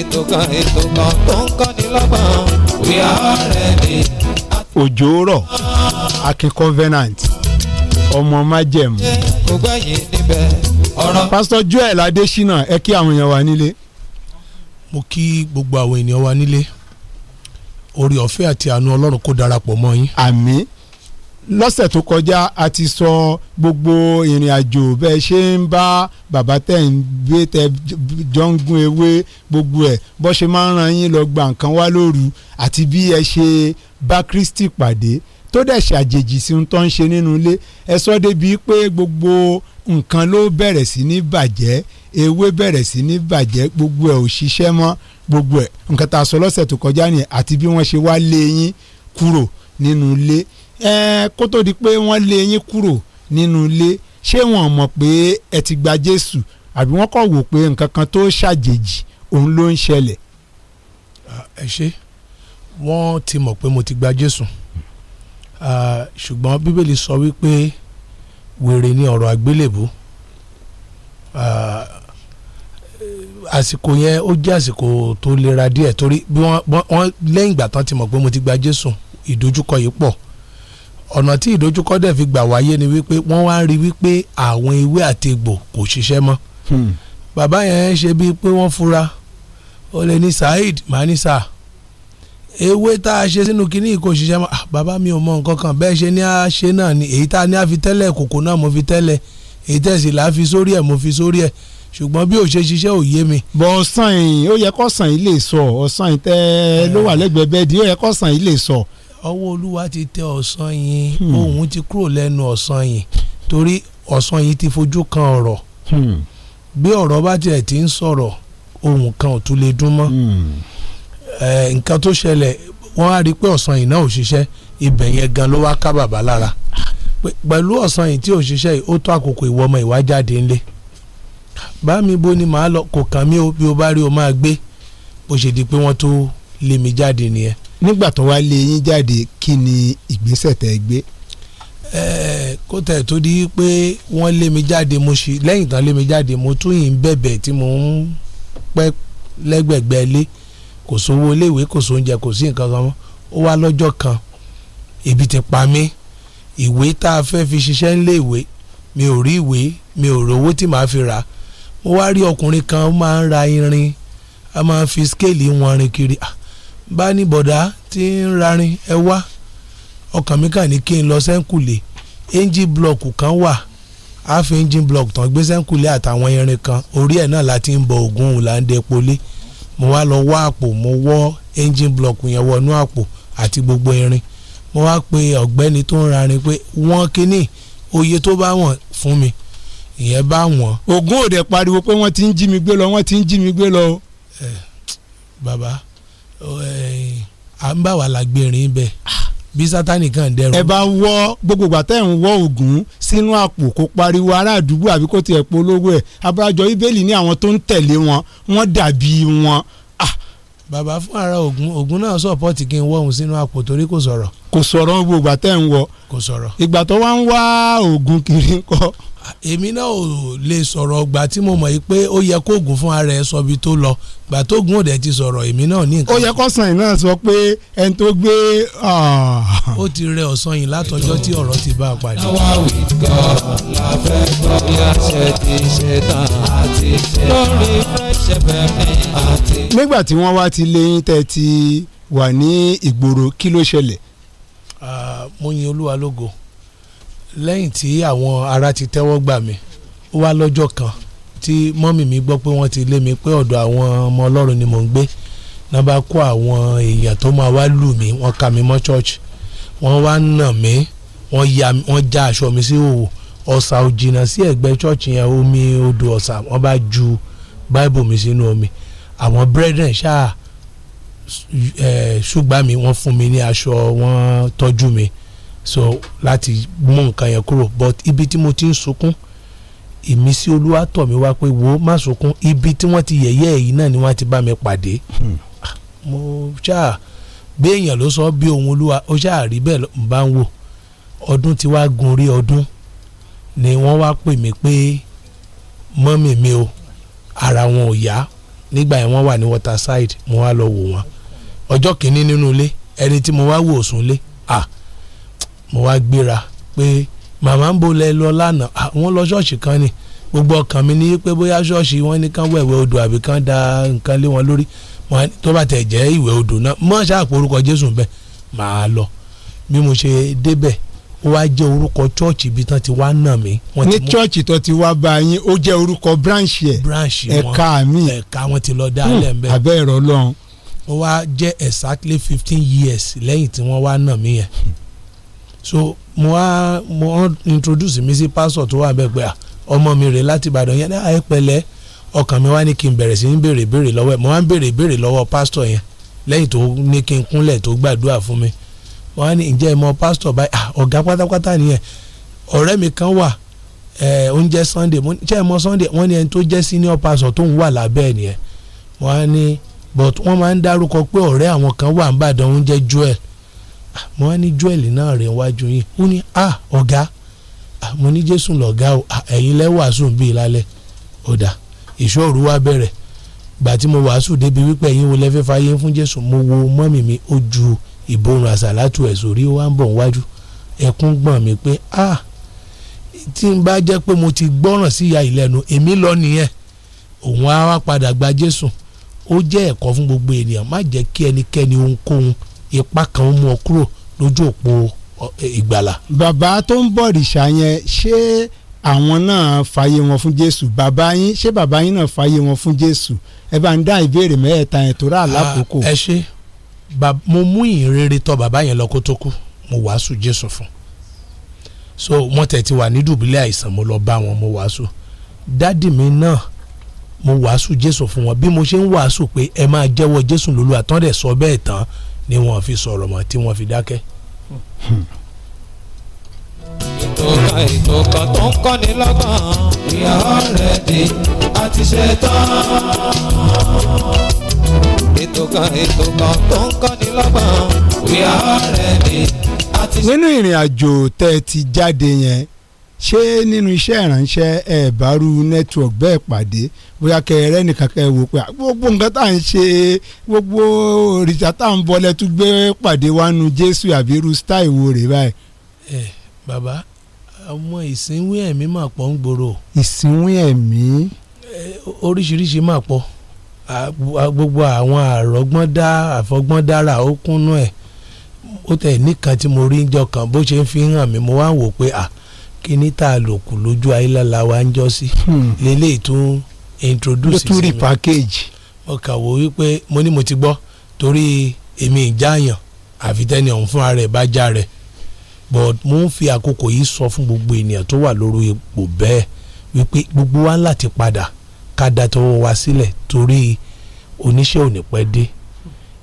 Ètò kan ètò kan tó ń kọ́ni lọ́gbọ̀n. We are already òjò rọ̀ akin covenant ọmọ májẹ̀mú. pásítọ̀ joel adésínà ẹ kí àwọn èèyàn wa nílé. mo kí gbogbo àwọn ènìyàn wa nílé oore ọ̀fẹ́ àti àánú ọlọ́run kó darapọ̀ mọ́ yín. àmín lọ́sẹ̀ tó kọjá a ti sọ gbogbo ìrìn àjò bẹ́ẹ̀ ṣe ń bá bàbá tẹ̀ ń gbé tẹ jọ ń gún ewé gbogbo ẹ̀ bọ́ ṣe máa ń ran yín lọ gba nǹkan wá lóru àti bí ẹ ṣe bá Kristi pàdé tó dẹ̀ ṣàjèjì sí ohun tó ń ṣe nínú ilé ẹ sọ débi pé gbogbo nǹkan ló bẹ̀rẹ̀ sí ní bàjẹ́ ewé bẹ̀rẹ̀ sí ní bàjẹ́ gbogbo ẹ̀ ò ṣiṣẹ́ mọ́ gbogbo ẹ̀ nǹkan tá a sọ lọ́sẹ̀ tó kọjá nìyẹn àti bí wọ́n ṣe wá lé yín kúrò nínú ilé ẹ kó tó di pé wọ́n lé yín kúrò nínú ilé ṣé wọ́n mọ̀ pé ẹ ti gba Jésù àbí wọ́n kọ̀ wò pé nǹkan kan tó ṣàjèjì òun ló ń ṣẹlẹ̀. ẹ ṣe wọ́n ti mọ̀ pé mo ti gba Jésù ṣùgbọ́n Bíbélì sọ wípé wèrè ni ọ̀rọ̀ àgbélébù àsìkò yẹn ó jẹ́ àsìkò tó lera díẹ̀ torí bí wọ́n lẹ́yìn ìgbà tán ti mọ̀ pé mo ti gba Jésù ìdojúkọ yìí pọ̀. Uh, ọ̀nà tí ìdojúkọ dẹ̀ fi gbà wáyé ni wípé wọ́n wá ń rí wípé àwọn ewé àti egbò kò ṣiṣẹ́ mọ́ hmm. bàbá yẹn ṣe bíi pé wọ́n fura ó lè ní Saheed manisa ewé tá a ṣe sínú kinní kò ṣiṣẹ́ mọ́ ah, bàbá mi ò mọ nǹkan kan bẹ́ẹ̀ ṣe ní a ṣe náà ni èyí tá a ní a fi tẹ́lẹ̀ kòkó náà mo fi tẹ́lẹ̀ èyí tẹ̀sí là á fi sórí ẹ̀ mo fi sórí ẹ̀ ṣùgbọ́n bí ò ṣe ṣiṣẹ́ ò yé mi. bọ̀ ọ̀sán yìí ó yẹ kọ́sàn yìí lè sọ ọ̀sán yìí tẹ́ ló wà lẹ́gbẹ̀ẹ́ bẹ́ẹ̀ di ó yẹ kọ́sàn yìí lè sọ ọwọ́ olúwa ti tẹ ọ̀sán yìí hmm. ohun ti kúrò lẹ́nu ọ̀sán yìí torí ọ̀sán yìí ti fojú kan ọ̀rọ̀ hmm. bí ọ̀rọ̀ bá tiẹ̀ ti ń sọ̀rọ̀ ohun kan ò tún lè dún mọ́ hmm. nǹkan tó ṣẹlẹ̀ wọ́n á rí i pé ọ̀sán yìí náà ò ṣiṣẹ́ ibẹ̀ yẹn gan ló wá ká bàbá lára pẹ̀lú ọ̀sán yìí tí ò ṣiṣẹ́ yìí ó tó àkókò ìwọ ọmọ ìwà jáde ńlẹ̀ bá mi bo ni màá lọ kò kàn mí o bí o bá rí o máa gbé bó ṣe di pé wọ́n tó lé mi jáde nìyẹn nígbà tó wá lé yín jáde kí ni ìgbésẹ̀ tẹ́ gbé. ẹ ẹ kó tẹ̀ tó di pé wọ́n lé mi jáde mo ṣe lẹ́yìn tán lé mi jáde mo tún yìí ń bẹ̀bẹ̀ tí mo ń pẹ́ lẹ́gbẹ̀gbẹ́ lé kò sówó iléèwé kò sóúnjẹ kò sí nǹkan kan mọ́ ó wá lọ́jọ́ kan ebi ti pa mí ìwé tá a fẹ́ fi ṣiṣẹ́ ńlé ìwé mi ò rí ìwé mi ò rówó tí màá fi rà mo wá rí ọkùnrin kan ó máa ń ra irin a máa ń fi skéèlì wọn rin kiri ah bá ní bọ̀dá tí ń rarin ẹ wá ọkàn mi kàn ní kí n lọ sẹ́ńkùlé engine block kan wà half engine block tán gbé sẹ́ńkùlé àtàwọn irin kan orí ẹ̀ náà láti ń bọ ògùn òǹlàǹdẹ polé mo wá lọ wá àpò mo wọ́ engine block yẹn wọnú àpò àti gbogbo irin mo wá pe ọ̀gbẹ́ni tó ń rarin pé wọ́n kínní oye tó bá wọ̀n fún mi ìyẹn bá wọ̀n. ògùn òde pariwo pé wọ́n ti ń jí mi gbé lọ wọ́n ti ń jí mi gbé lọ. ẹ bàbá Eh, à ń bá wa lágbèrè bẹ bí sátani kan dẹrùn. ẹ bá wọ gbogbo ìgbà tẹ́ ń wọ oògùn sínú àpò kó pariwo ará àdúgbò àbí kó tiẹ̀ polówó ẹ̀ abájọ ibéèlì ní àwọn tó ń tẹ̀lé wọn wọ́n dàbí wọn. bàbá fún ara oògùn oògùn náà sọ̀pọ̀tì kí n wọ òun sínú àpò torí kò sọ̀rọ̀. kò sọ̀rọ̀ gbogbo ìgbà tẹ́ ń wọ. kò sọ̀rọ̀. ìgbà tó wá ń wá oògùn kiri ń kọ́ èmi náà ò lè sọ̀rọ̀ gbà tí mo mọ̀ yìí pé ó yẹ kóògùn fún ara ẹ̀ sọ ibi tó lọ gbà tó gùn òde ti sọ̀rọ̀ èmi náà ní nǹkan. ó yẹ kọ́sàn yìí náà sọ pé ẹni tó gbé. ó ti rẹ ọ̀sán yìí látọjọ́ tí ọ̀rọ̀ ti bá a pàdé. àwa wí gbọ́ la fẹ́ gbọ́ bí a ṣe ti ṣe tán àti ṣe lórí fresh fm àti. nígbà tí wọ́n wá ti léyìn tẹ́ ti wà ní ìgboro kí ló ṣẹlẹ̀. mo yin olúwa lógo lẹ́yìn tí àwọn ará ti tẹ́wọ́ gbà mí ó wá lọ́jọ́ kan tí mọ́mì mi gbọ́ pé wọ́n ti lé mi pé ọ̀dọ̀ àwọn ọmọ ọlọ́run ni mò ń gbé náà bá kó àwọn èèyàn tó máa wá lù mí wọ́n ka mi mọ́ church wọ́n wá nà mí wọ́n ya wọ́n já aṣọ mi sí òwò ọ̀sà ò jìnnà sí ẹ̀gbẹ́ church yẹn omi odò ọ̀sà wọ́n bá ju bible mi sínú omi àwọn brethren ṣáà ṣùgbọ́n mi wọ́n fún mi ní aṣọ wọ́n tọ́jú mi so láti mú nǹkan yẹn kúrò but ibi tí mo ti ń sunkún ìmísí olúwa tọ̀ mí wá pé wo má sunkún ibi tí wọ́n ti yẹ̀yẹ́ èyí náà ni wọ́n ti bá mi pàdé hmm. ah, mo ṣáà gbé èèyàn ló sọ bí ohun olúwa ó ṣáà rí bẹ́ẹ̀ ń bá ń wò ọdún tí wàá gun orí ọdún ni wọ́n wá pè mí pé mọ́mì mi o ara wọn ò yá nígbà yẹn wọ́n wà ní waterside mo wá lọ wò wọ́n ọjọ́ kìíní nínú ilé ẹni tí mo wá wò sùn lé ah mo wá gbéra pé màmá ń bo lẹ lọ lánàá àwọn ah, lọ ṣọ́ọ̀ṣì kan ni gbogbo ọkàn mi ní pé bóyá ṣọ́ọ̀ṣì wọn ní kán wẹ̀wẹ̀ odò àbí kán da nǹkan lé wọn lórí tó bá tẹ̀ jẹ́ ìwẹ̀ odò náà mọ́ ṣáàpọ̀ orúkọ Jésù bẹ́ẹ̀ màá lọ bí mo ṣe débẹ̀ ó wá jẹ́ orúkọ chọ́ọ̀chì ibi tán ti wá nà mí. ní chọ́ọ̀chì tó ti wá bá yín ó jẹ́ orúkọ branch yẹn ẹ̀ka mi ẹ̀ka wọn ti lọ dá alẹ́ hmm, mbẹ́. abẹ́ ẹ̀rọ ó wá jẹ́ exactly fifteen years lẹ́yìn tí wọ́n wá nà mí yẹn so mo wá mo introduce mi si pastor to wa bẹgbẹ a ah, ọmọ mi rè lati Ìbàdàn yẹn náà ẹ pẹ̀lẹ́ ọkàn mi wá si kí n bere sí ní béèrè béèrè lọ́wọ́ ẹ̀ mo wá ń béèrè béèrè lọ́wọ́ pásítọ̀ yẹn lẹ́yìn tó ní kí n tó gbàdúrà fún mi mo wá ní ǹjẹ́ ìmọ̀ báyìí ah, ọ̀gá mi kan wà oúnjẹ Sunday mo ṣe mọ Sunday wọ́n ní ẹni tó jẹ́ senior pastor tóun wà lábẹ́ ẹ̀ nìyẹn mo but wọ́n máa ń dárúkọ pé ọ̀rẹ́ kan wà ń bàdàn oúnjẹ mo wá ní joel náà rẹ̀ wájú yín ó ní à ọ̀gá mo ní jésù lọ̀gá o ẹ̀yin lẹ́wàásù ń bí i lálẹ́ ọ̀dà ìṣòro wa bẹ̀rẹ̀ gbà tí mo wàásù débi wípé ẹ̀yin wo lẹ́fẹ́ fàyè fún jésù mo wo mọ́mì mi ó ju ìborùn àsàlátù ẹ̀ sórí ó wá ń bọ̀ wájú ẹkún gbọ̀n mi pé ah tí n bá jẹ́ pé mo ti gbọ́ràn sí ìyá ìlẹ́nu èmi lọ nìyẹn òun á wá padà gba jésù ó jẹ́ ẹ̀kọ́ fún gbogbo ènìyàn má jẹ́ kí ẹnikẹ́ni ohunkóhun ipa kan mú ọ kúrò lójú òpó e, ìgbàlà. bàbá tó ń bọ̀rìṣà yẹn ṣé àwọn náà fàyè wọn fún jésù bàbá yín ṣé bàbá yín náà fàyè wọn fún jésù ẹ bá ń dá ìbéèrè mẹ́ẹ̀ẹ́ta yẹn tó rà lákòókò. ẹ ṣe mo mú ìrere tọ̀ bàbá yẹn lọ kó tó kú mo wàásù jésù fún so wọ́n tẹ̀ ti wà ní dùbúlẹ̀ àìsàn mo lọ bá wọn mo wàásù dádì mi náà mo wàásù jésù fún wọn bí mo ṣe ń wàásù pé ẹ máa jẹ́wọ́ jésù lólúwa tán sọ bẹ́ẹ̀ tán ni wọ́n fi sọ̀rọ̀ mọ́ tí wọ́n fi dákẹ́. ètò kan tó ń kọ́ni lọ́gbọ̀n ìyàwó rẹ̀ dé àti ṣetán. ètò kan tó ń kọ́ni lọ́gbọ̀n ìyàwó rẹ̀ dé àti ṣetán. nínú ìrìn àjò tẹ́ ẹ ti jáde yẹn ṣé nínú iṣẹ́ ìrànṣẹ́ ẹ network bẹ́ẹ̀ pàdé bóyá kẹrẹ nìkan kẹ wò pé ah, gbogbo nǹkan tá à ń ṣe gbogbo òrìṣà tá à ń bọlẹ̀ tún gbé pàdé wánu jésù àbí irú style wo rè báyìí. ẹ bàbá ọmọ ìsínwó ẹ̀mí mà pọ̀ ń gbòòrò. ìsínwó ẹ̀mí. oríṣiríṣi mà pọ̀ gbogbo àwọn àrọ́gbọ́n dá àfọgbọ́n dára ó kúnnú ó tẹ̀ nìkan tí mo rí jọ kan bó ṣe ń fi hàn mí mo wá wò pé Ah, kíní tá a lò kù lójú ayélujára wa ń jọ sí hmm. lélẹ́yìí tó introduce sí mi. ló rí package. mo kà wò wípé mo ní mo ti gbọ́ torí èmi ìjáàyàn àfi ọ̀hún fúnra rẹ̀ bá já rẹ̀ but mo ń fi àkókò yìí sọ fún gbogbo ènìyàn tó wà lórí ipò bẹ́ẹ̀ wípé gbogbo wa láti padà ká da tọwọ́ wa sílẹ̀ torí oníṣẹ́ ò ní pẹ́ dé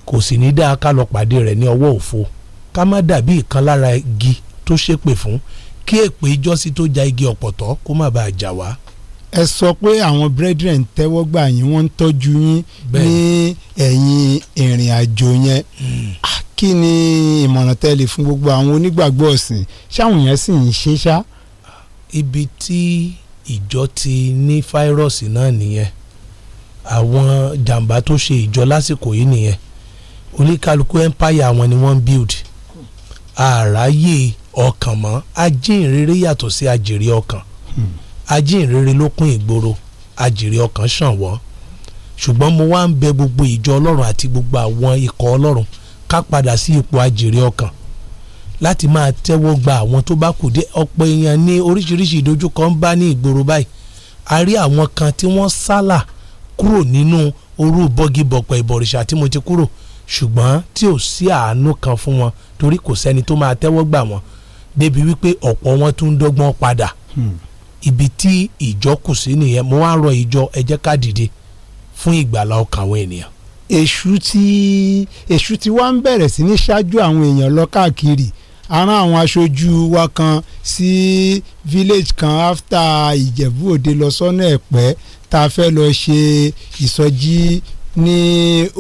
kò sì ní dáa ká lọ pàdé rẹ̀ ní ọwọ́ òfo ká má dàbí ìkan lára igi tó ṣépè fún kí èpè ìjọ́sí tó ja igi ọ̀pọ̀tọ́ kó má bàa jà wá. ẹ sọ pé àwọn brethren tẹ́wọ́ gbà yín wọ́n ń tọ́jú yín ní ẹ̀yìn ìrìn àjò yẹn hmm. kí ni ìmọ̀ràn tẹ́lẹ̀ fún gbogbo àwọn onígbàgbọ́ ọ̀sìn ṣáwọn yẹn sì ń ṣe ṣá. ibi tí ìjọ ti ní fáírọ́ọ̀sì náà nìyẹn àwọn jàǹbá tó ṣe ìjọ lásìkò yìí nìyẹn oníkálukú empire wọn ni wọ́n build àráyè. Ah, ọkàn mọ́ ajínrere yàtọ̀ sí ajìrì ọkàn hmm. ajínrere ló kún ìgboro ajìrì ọkàn ṣàn wọ́n ṣùgbọ́n mo wá ń bẹ gbogbo ìjọ ọlọ́run àti gbogbo àwọn ikọ̀ ọlọ́run ká padà sí ipò ajìrì ọkàn láti máa tẹ́wọ́ gba àwọn tó bá kù dé ọ̀pọ̀ èèyàn ní oríṣiríṣi ìdojúkọ ń bá ní ìgboro báyìí a rí àwọn kan tí wọ́n sálà kúrò nínú orú bọ́gì bọ̀pẹ̀ ìbọ̀rìṣà tí mo ti kúrò ṣùgbọ́n tí ò sí àánú kan fún wọn torí kò sẹ́ni tó máa tẹ́wọ́ gbà wọ́n débi wípé ọ̀pọ̀ wọn tún ń dọ́gbọ́n padà hmm. ibi tí ìjọ kù sí nìyẹn mo wá rọ ìjọ ẹ jẹ́ ká dìde fún ìgbàlá ọkàn àwọn ènìyàn. èṣù tí èṣù tí wàá ń bẹ̀rẹ̀ sí ní ṣáájú àwọn èèyàn lọ káàkiri ara àwọn aṣojú wa kan sí village kan after ìjẹ̀bú òde lọ sọ́nà ẹ̀pẹ́ tá a fẹ́ lọ ṣe ìsọjí ní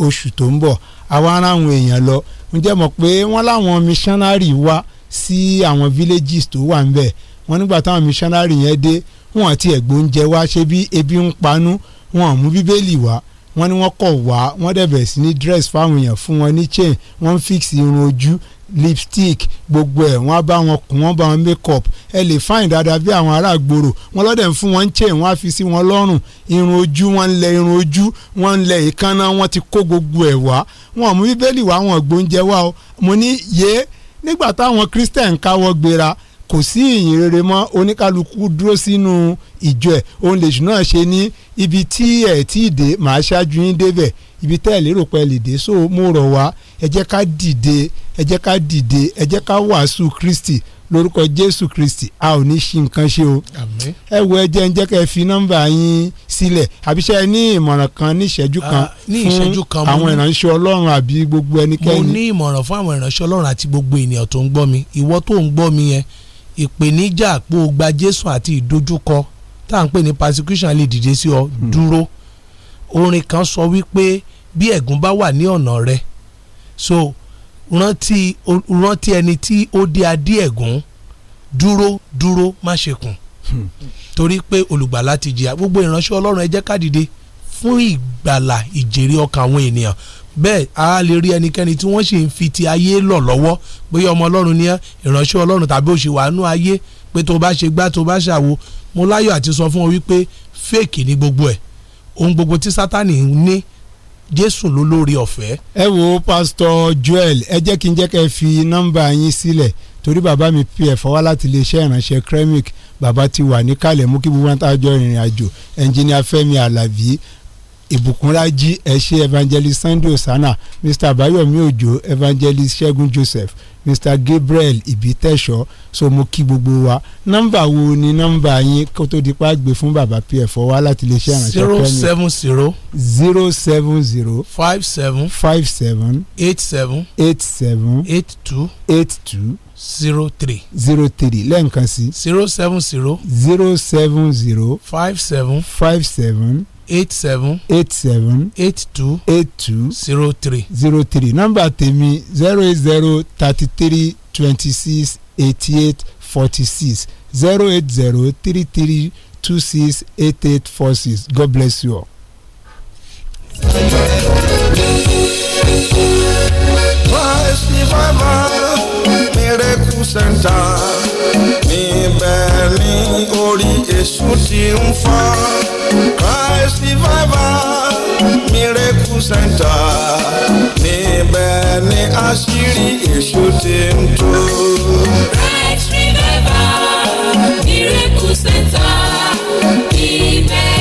oṣù tó ń bọ̀ àwa ara àwọn èèyàn lọ ǹjẹ́ mọ̀ pé wọ́n láwọn missionary wa sí àwọn villages tó wà ńbẹ̀ wọ́n nígbà táwọn missionary yẹn dé wọ́n ti ẹ̀gbọ́n oúnjẹ wá ṣe bí ebi ń panú wọ́n mú bíbélì wá wọ́n ní wọ́n kọ̀ wá wọ́n dẹ̀bẹ̀ sí ní dress fáwọn èèyàn fún wọn ní chain wọ́n ń fix irun ojú lipstick gbogbo ẹ̀ wọ́n á bá wọn kùn wọ́n bá wọn make up ẹ lè fáìn dáadáa bí àwọn ará gbòòrò wọ́n lọ́dẹ̀ ń fún wọn ń chain wọ́n á fi sí wọn lọ́rùn irun ojú wọ́n ń lẹ irun ojú wọ́n ń lẹ ìkànnà wọ́n ti kó gbogbo ẹ̀ wá wọ́n mú bíbélì wá wọn gbóúnjẹ wá o mo ní yéé nígbà táwọn Christian káwọ́ gbéra kò sí ìyìn rere mọ́ oníkálukú dúró sínú ìjọ ẹ̀ òun lè ṣùnà ṣe ní ibi tí ẹ̀ tí ì dé màá ṣáájú yín débẹ̀ ibi tẹ́ ẹ̀ lérò pé lè dé so mo rọ̀ wá ẹ jẹ́ ká dìde ẹ ká dìde ẹ ká wàásù Kristi lórúkọ jésù kristi a ò ní ṣi nǹkan ṣe o ẹ wo ẹ jẹ́ ń jẹ́ kẹ́ ẹ fi nọ́mbà yín sílẹ̀ àbíṣẹ́ ní ìmọ̀ràn kan ní ìṣẹ́jú kan ah, fún àwọn ìránṣẹ́ ọlọ́run àbí gbogbo ẹnikẹ́ni. mo ní ìmọ̀ràn fún àwọn ìránṣẹ́ ọlọ́run àti gbogbo ènìyàn tó ń gbọ́ mi ìwọ tó ń gbọ́ mi yẹn ìpèníjà pé o gba jésù àti ìdojúkọ tá à ń pè ní persecution lè dìde sí ọ hmm. dúró orin kan sọ wípé bí ẹ̀gún bá wà ní ọ̀nà rẹ so rántí rántí ẹni tí ó dé adé ẹ̀gún dúró dúró má ṣe kùn hmm. torí pé olùgbàlà ti jìyà gbogbo ìránṣẹ́ ọlọ́run ẹ jẹ́ ká dìde fún ìgbàlà ìjèrè ọkàn àwọn ènìyàn bẹ́ẹ̀ a lè rí ẹnikẹ́ni tí wọ́n sì ń fi ti ayé lọ̀ lọ́wọ́ bóyá ọmọ ọlọ́run ní ìránṣẹ́ ọlọ́run tàbí òṣèwánú ayé pé tó bá ṣe gbá tó bá ṣàwo mo láyọ̀ àti sọ fún ọ wípé fèkì ní gbogbo ẹ̀ ohun gbogbo tí sátani ní jésù ló lórí ọ̀fẹ́. ẹ wo pásítọ̀ Joel ẹ jẹ́ kí n jẹ́ kẹ́ fi nọ́mbà yín sílẹ̀ torí bàbá mi pè é fọwọ́ láti iléeṣẹ́ ìránṣẹ́ kremik bàbá ti wà níkàlẹ̀ mú kí gbogbo wọn tá a jọ ìrìn àjò ẹnjìníà Fẹ́mi Alábí ìbùkúnrájí ẹ̀ṣẹ́ evangelist sunday osana mr bayomi ojo evangelist ṣẹ́gun joseph mr gabriel ibitẹ́ṣọ́ so mo kí gbogbo wa nọ́mbà wo ni nọ́mbà yín kó tó di pa gbé fún bàbá pf wa láti lè ṣe ìrànṣẹ́ pẹ́ẹ́nì. zero seven zero. zero seven zero. five seven. five seven. eight seven. eight seven. eight two. eight two zero three. zero three lẹ́ǹkan sí. zero seven zero. zero seven zero. five seven. five seven eight seven eight seven eight two eight two zero three zero three nọ́mbà tèmi zero eight zero thirty three twenty six eighty eight forty six zero eight zero three three two six eight eight four six God bless you all. Christ is my man, miracle orí èṣù ti ń fọ́n. Christ Revival Miracle Center Níbẹ̀ ni àṣírí èṣù ti ń tú. Christ Revival Miracle Center Níbẹ̀.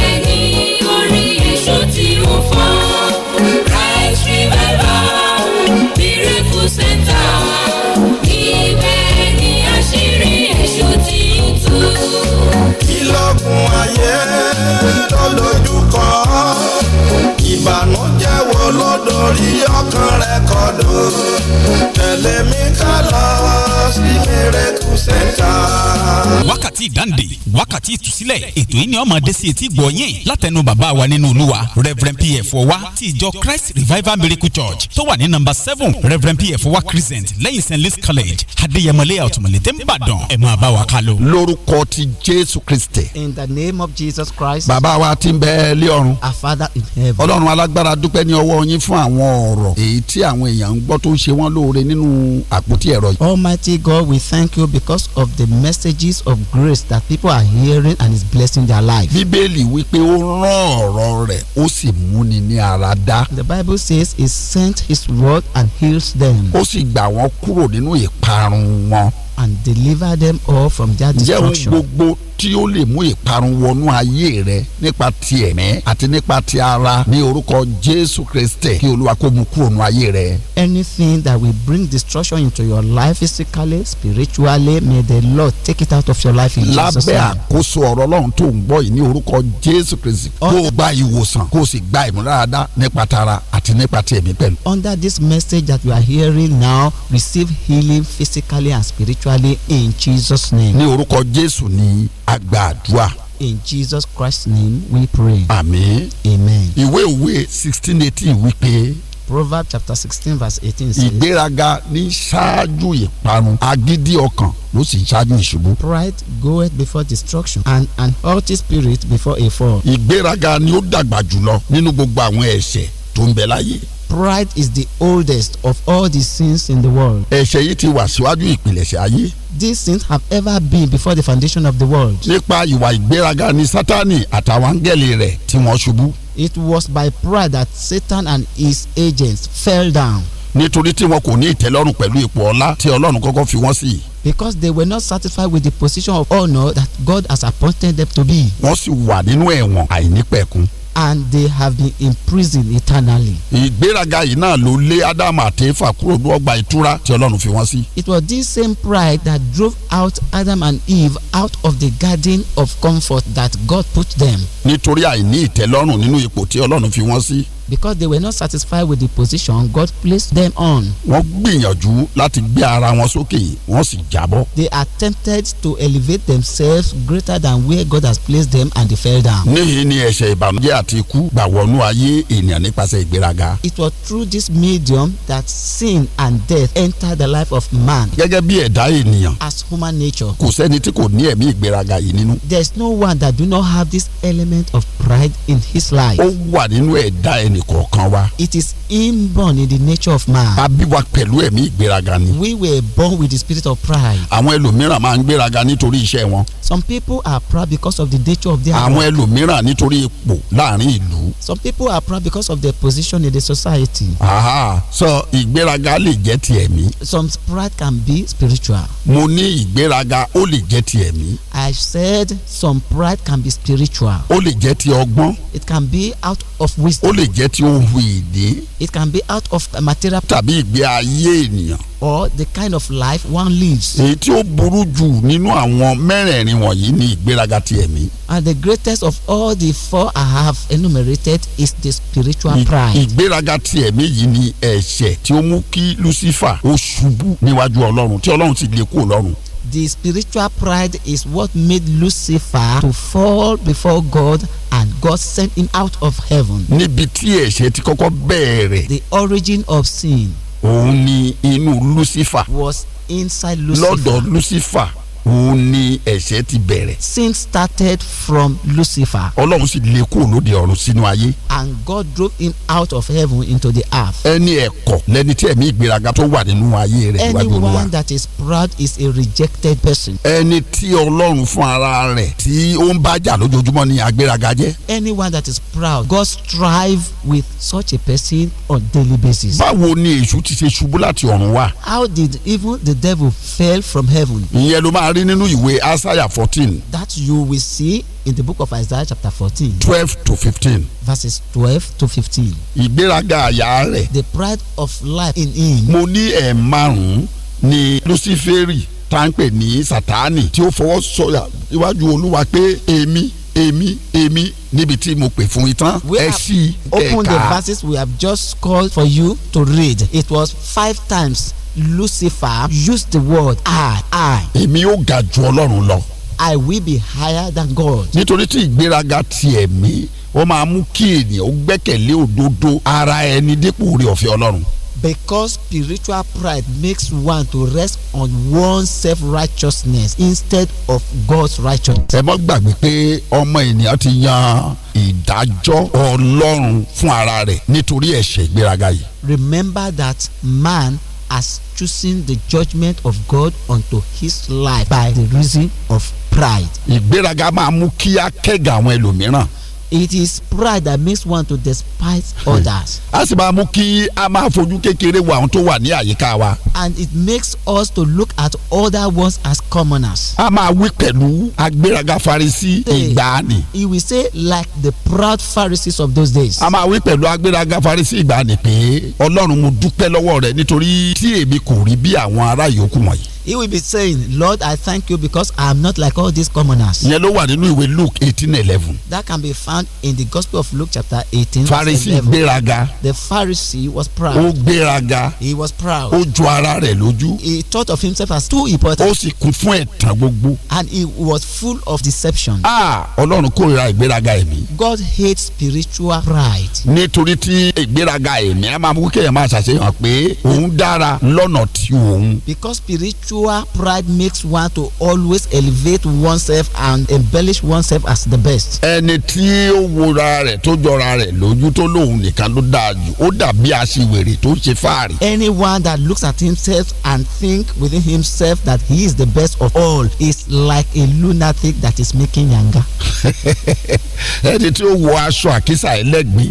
wákàtí ìdáǹdè wákàtí ìtúsílẹ̀ ètò yìí ni ó máa dé sí etí gbọ̀ yín látẹnu bàbá wa nínú olúwa reverend pf ọwá ti ìjọ christ revival miracle church tó wà ní number seven reverend pf ọwá crescent lẹ́yìn st louis college adéyẹmọlẹ́ àtùmọ̀lẹ́ tẹ́ ń bàdàn ẹ̀ máa bá wa ká lọ. lórúkọ ti jésù kristi. in the name of jesus christ. bàbá wa ti ń bẹ ilé ọ̀run. our father in heaven. ọlọ́run alágbára dúpẹ́ ní ọwọ́ yín fún àwọn ọ̀rọ̀ èyí tí àwọn èèyàn ń gbọ́ tó ń ṣe wọ́n lóore nínú àpótí ẹ̀rọ yìí. almighty god we thank you because of the messages of grace grace that people are hearing and is blessing their life. bíbélì wípé ó rán ọ̀rọ̀ rẹ̀ ó sì múni ní ara dá. the bible says he sent his word and heals them. ó sì gbà wọ́n kúrò nínú ìparun wọn and deliver them all from their destruction. jẹ́ gbogbo tí ó lè mú ìparun wọnú ayé rẹ nípa ti ẹ̀mí àti nípa ti ara ní orúkọ Jésù kí Olúwa kó mú ayé rẹ. anything that will bring destruction into your life physically spiritually may the Lord take it out of your life in Jesus name. lábẹ́ àkóso ọ̀rọ̀ Ọlọ́run tó ń gbọ́ yìí ní orúkọ Jésù kó o gba ìwòsàn kó o sì gba nípa tara àti nípa ti ẹ̀mí pẹ̀lú. under this message that you are hearing now receive healing physically and spiritually. spiritually in Jesus name. ní orúkọ Jésù ni a gba àdúrà. In Jesus Christ's name we pray. Àmín. Amen. Ìwé òwe sixteen eighteen wípé. Proverbs chapter sixteen verse eighteen says. Ìgbéraga ní ṣáájú ìparun, agídí ọkàn ló sì ṣáájú ìṣubú. Pride goeth before destruction and an haughty spirit before a fall. Ìgbéraga ni ó dàgbà jùlọ nínú gbogbo àwọn ẹ̀ṣẹ̀ tó ń bẹ láyé. pride is the oldest of all the sins in the world. ẹ̀ṣẹ̀ yìí ti wà síwájú ìpilẹ̀ṣẹ̀ ayé. these sins have ever been before the foundation of the world. nípa ìwà ìgbéraga ni sátani àtàwọn áńgẹ̀lì rẹ̀ tí wọ́n ṣubú. it was by pride that satan and his agents fell down. nítorí tí wọn kò ní ìtẹ́lọ́rùn pẹ̀lú ipò ọlá tí ọlọ́run kọ́kọ́ fi wọ́n sí. because they were not satisfied with the position of honour that God has appointed them to be. wọ́n sì wà nínú ẹ̀wọ̀n and they have been imprisoned eternally. ìgbéraga yìí náà ló lé ádámù àti éfà kúrò ní ọgbà ìtura tí ọlọ́run fi wọ́n sí. it was this same pride that drove out Adam and Eve out of the garden of comfort that God put them. nítorí àìní ìtẹ́lọ́rùn nínú ipò tí ọlọ́run fi wọ́n sí because they were not satisfied with the position God placed them on. wọ́n gbìyànjú láti gbé ara wọn sókè wọ́n sì jábọ́. they attempted to elevate themselves greater than where God has placed them and they fell down. níhìn ni ẹ̀ṣẹ̀ ìbànújẹ́ àti ikú gbà wọnú ayé ènìyàn nípasẹ̀ ìgbéraga. it was through this medium that sin and death entered the life of man. gẹ́gẹ́ bí ẹ̀dá ènìyàn. as human nature. kò sẹ́ni tí kò ní ẹ̀mí ìgbéraga yìí nínú. there is no one that do not have this element of pride in his life. ó wà nínú ẹ̀dá wa. it is inborn in the nature of man. a bí wa pẹ̀lú ẹ̀mí ìgbéraga ni. we were born with the spirit of pride. àwọn ẹlòmíràn máa ń gbéraga nítorí iṣẹ́ wọn. some people are proud because of the nature of their. àwọn ẹlòmíràn nítorí ipò láàrin ìlú. some people are proud because of their position in the society. aha so ìgbéraga lè jẹ́ ti ẹ̀mí. some pride can be spiritual. mo ní ìgbéraga ó lè jẹ́ ti ẹ̀mí. I said some pride can be spiritual. ó lè jẹ́ ti ọgbọ́n. it can be out of wisdom. ó lè jẹ́ tí ó hu ìdí. it can be out of material. tàbí ìgbé ayé ènìyàn. or the kind of life one lives. èyí tí ó burú jù nínú àwọn mẹ́rẹ̀ẹ̀rin wọ̀nyí ni ìgbéraga ti ẹ̀mí. and the greatest of all the four I have enumerated is the spiritual pride. ìgbéraga ti ẹ̀mí yìí ni ẹ̀ṣẹ̀ tí ó mú kí Lucifer ó ṣubú níwájú Ọlọ́run tí Ọlọ́run ti lè kú ti le ku the spiritual pride is what made Lucifer to fall before God and God sent him out of heaven. Níbi tí ẹ̀ṣẹ̀ ti kọ́kọ́ bẹ̀rẹ̀. The origin of sin. Òun ni inú Lucifer. Was inside Lucifer. Lọ́dọ̀ Lucifer ó ní ẹ̀ṣẹ̀ ti bẹ̀rẹ̀. sin started from Lucifer. ọlọ́run sì lé kúrò lóde ọ̀run sínú ayé. and God drove him out of heaven into the earth. ẹni ẹ̀kọ́ lẹni tí ẹ̀mí ìgbéraga tó wà nínú ayé rẹ̀ níwájú olúwa. anyone that is proud is a rejected person. ẹni tí ọlọ́run fún ara rẹ̀ tí ó ń bájà lójoojúmọ́ ni agbéraga jẹ́. anyone that is proud God strive with such a person on daily basis. báwo ni èṣù ti ṣe ṣubú láti ọ̀run wá. how did even the devil fell from heaven. ìyẹn ló máa rí nínú ìwé Isaiah fourteen. that you will see in the book of Isaiah chapter fourteen. twelve to fifteen. verses twelve to fifteen. ìgbéraga àyà rẹ̀. the pride of life in him. mo ní ẹ̀ márùn-ún ni Luciferi tá ń ní Sátánì tí ó fọwọ́ sọ̀yà iwájú Olúwa pé èmi èmi èmi níbi tí mo pè fún ìtàn ẹ sí ẹ̀ka. open the verses we have just called for you to read it was five times Lucifer used the word I. I. Èmi yóò ga ju Ọlọ́run lọ. I will be higher than God. Nítorí tí ìgbéraga ti igberaga máa mú kí ènìyàn ó gbẹ́kẹ̀lé òdodo ara ẹni dípò orí ọ̀fẹ́ Ọlọ́run. Because spiritual pride makes one to rest on one's self-righteousness instead of God's righteousness. Ẹ mọ́ gbàgbé pé ọmọ ènìyàn ti yan ìdájọ́ Ọlọ́run fún ara rẹ̀ nítorí ẹ̀ṣẹ̀ ìgbéraga yìí. Remember that man as choosing the judgment of God unto his life by the reason of pride. ìgbéraga máa mú kí a kẹ́gà àwọn ẹlòmíràn it is pride that makes one to despise hmm. others. a sì máa mú kí a máa fojú kékeré wo àwọn tó wà ní àyíká wa. and it makes us to look at other ones as commoners. a máa wí pẹ̀lú agbéraga Farisí ìgbàanì. he will say like the proud Pharisees of those days. a máa wí pẹ̀lú agbéraga Farisí ìgbàanì pé Ọlọ́run mo dúpẹ́ lọ́wọ́ rẹ nítorí tí èmi kò rí bí àwọn ará yòókù wọ̀nyí. he will be saying lord i thank you because i am not like all these commoners. that can be found found in the Gospel of Luke chapter 18. Pharisee gbéraga. The Pharisee was proud. Ó gbéraga. He was proud. Ó ju ara rẹ̀ lójú. He thought of himself as too important. Ó sì kún fún ẹ̀tàn gbogbo. And he was full of deception. Ah! Ọlọ́run ìgbéraga ẹ̀mí. God hates spiritual pride. Nítorí tí ìgbéraga ẹ̀mí máa mú kéèyàn máa ṣàṣeyàn pé òun dára lọ́nà tí òun. Because spiritual pride makes one to always elevate oneself and embellish oneself as the best. Ẹni tí ó wora rẹ̀ tó jọra rẹ̀ lójú tó lóun nìkan ló dáa jù ó dàbí tó ṣe fáàrí. anyone that looks at himself and think within himself that he is the best of all is like a lunatic that is making yanga. ẹni tí ó wọ aṣọ àkísà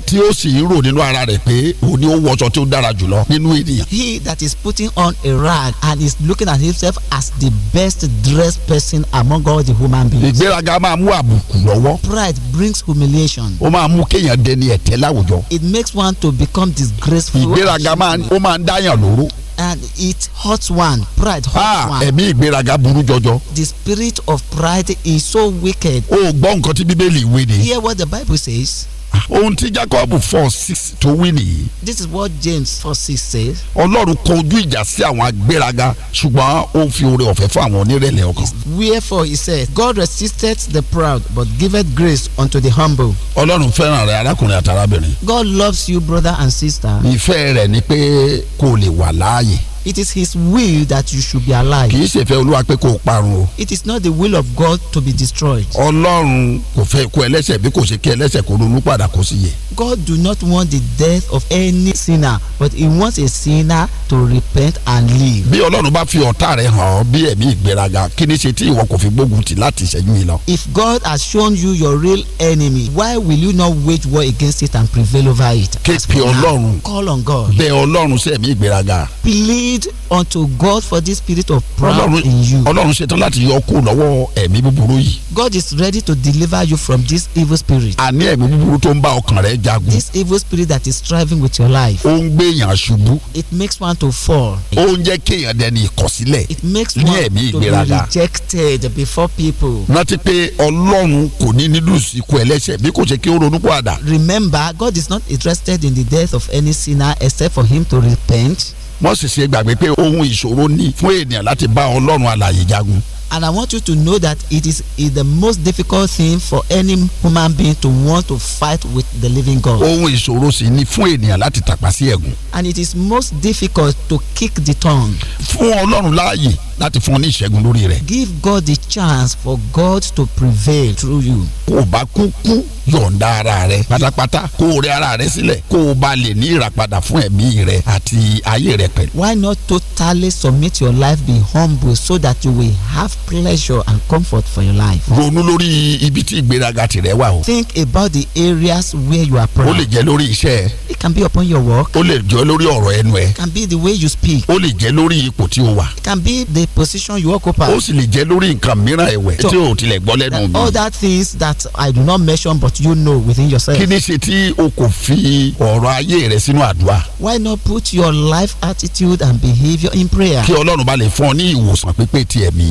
tí ó sì rò nínú ara rẹ̀ pé òun ni ó tí ó dára jùlọ nínú ènìyàn. he that is putting on a rag and is looking at himself as the best dressed person among all the human beings. ìgbéraga máa mú àbùkù lọ́wọ́. pride brings humility humiliation. ó máa mú kéèyàn dẹni ẹ̀tẹ́ láwùjọ. it makes one to become disgraceful. ìgbéraga máa ó máa dáyàn lóró. and it hurts one pride hurts ah, one. ẹ̀mí ìgbéraga burú jọjọ. the spirit of pride is so wicked. o gbọ́ nǹkan tí bíbélì wí ni. hear what the bible says ohun tí Jacob four six tó wí nìyí. this is what James four six says. Ọlọ́run ìjà sí àwọn agbéraga ṣùgbọ́n ó fi oore ọ̀fẹ́ fún àwọn onírẹ̀lẹ̀ ọkàn. wherefore he said God resisted the proud but giveth grace unto the humble. Ọlọ́run fẹ́ràn rẹ arákùnrin God loves you brother and sister. ìfẹ́ rẹ̀ ni pé kò lè wà láàyè it is his will that you should be alive. kì í ṣe fẹ́ olúwa pé kò parun o. it is not the will of God to be destroyed. ọlọ́run kò fẹ́ kó ẹlẹ́ṣẹ̀ bí kò ṣe kí ẹlẹ́ṣẹ̀ kó ronú padà kó sì yẹ. God do not want the death of any sinner but he wants a sinner to repent and live. bí ọlọ́run bá fi ọ̀tá rẹ̀ hàn ọ́ bí ẹ̀mí ìgbéraga kí ni ṣe tí ìwọ kò fi gbógun tì láti lọ. if God has shown you your real enemy why will you not wage war against it and prevail over it. ọlọ́run call on God. bẹ ọlọ́run sí ẹ̀mí ìgbéraga. please plead unto God for this spirit of pride in you. Ọlọ́run ṣetán láti yọ kó lọ́wọ́ ẹ̀mí búburú yìí. God is ready to deliver you from this evil spirit. Àní ẹ̀mí búburú tó ń bá ọkàn rẹ̀ jagun. This evil spirit that is striving with your life. Ó ń gbé èèyàn ṣubú. It makes one to fall. Ó ń jẹ́ kéèyàn dẹni ìkọ̀sílẹ̀. It makes one to be rejected before people. Rántí pé Ọlọ́run kò ní nílùú ẹlẹ́ṣẹ̀ bí kò ṣe kí ó ronú padà. Remember, God is not interested in the death of any sinner except for him to repent sì ṣe gbàgbé pé ohun ìṣòro ní fún ènìyàn láti bá ọlọ́run jagun. And I want you to know that it is, is the most difficult thing for any human being to want to fight with the living God. Ohun ìṣòro sì ni fún ènìyàn láti tàpá sí ẹ̀gún. And it is most difficult to kick the tongue. Fún ọlọ́run láàyè láti fún ọ ní ìṣẹ́gun lórí rẹ̀. give God the chance for God to prevail through you. kó bá yọ̀ǹda ara rẹ pátápátá kó o ara rẹ sílẹ̀ kó o bá lè ní ìràpadà fún ẹ̀mí rẹ àti ayé rẹ pẹ̀lú. why not totally submit your life be humble so that you will have pleasure and comfort for your life. ronú lórí ibi tí ìgbéraga tìrẹ wà o. think about the areas where you are proud. ó lè jẹ́ lórí iṣẹ́ ẹ. it can be upon your work. ó lè jẹ́ lórí ọ̀rọ̀ ẹnu ẹ. it can be the way you speak. ó lè jẹ́ lórí ipò tí o wà. it can be the the position you occupy. ó sì lè jẹ́ lórí nǹkan mìíràn ẹ̀wẹ̀ tí o tilẹ̀ gbọ́ lẹ́nu mi. all that things that I do not mention but you know within yourself. kí ni ṣe tí o kò fi ọ̀rọ̀ ayé rẹ sínú àdúrà. why not put your life attitude and behaviour in prayer. kí Ọlọ́run bá lè fún ọ ní ìwòsàn pípé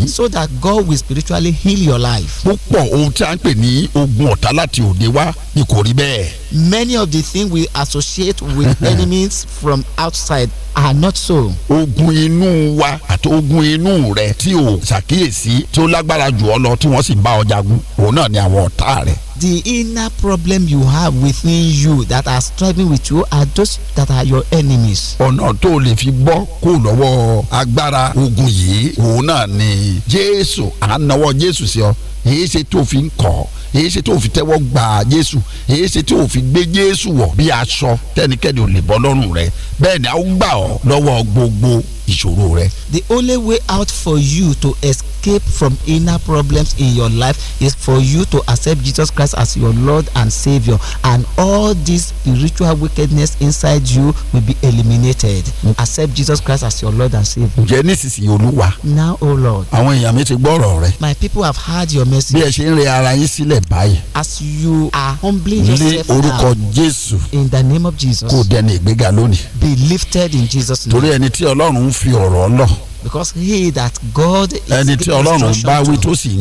so that God will spiritually heal your life. púpọ̀ ohun tí a ń pè ní ogun ọ̀tá láti òde wá ni kò rí bẹ́ẹ̀. many of the things we associate with enemies from outside are not so. ogun inú wa àti ogun inú inú rẹ tí o ṣàkíyèsí tí ó lágbára jù ọ lọ tí wọ́n sì bá ọ jagun òun náà ni àwọn ọ̀tá rẹ̀ the inner problem you have within you that are striving with you are those that are your enemies. ọ̀nà tó o lè fi gbọ́ kó lọ́wọ́ agbára ogun yìí òun náà ni jésù à nawọ́ jésù sí ọ èyí ṣe tó fi ń kọ́ èyí ṣe tó fi tẹ́wọ́ gbà jésù èyí ṣe tó fi gbé jésù wọ̀ bí aṣọ tẹ́nikẹ́ni ò lè bọ́ lọ́rùn rẹ bẹ́ẹ̀ ni a ó gbà ọ́ lọ́wọ́ gbogbo ìṣòro rẹ. the only way out for you to escape from inner problems in your life is for you to accept Jesus Christ Jesus as your Lord and Savior, and all this spiritual wickedness inside you will be eliminated. Accept Jesus Christ as your Lord and Savior. Ǹjẹ́ Now, O Lord. My people have heard your message. As you are humbling yourself now. In the name of Jesus. Be lifted in Jesus' name because he that God is ẹni tó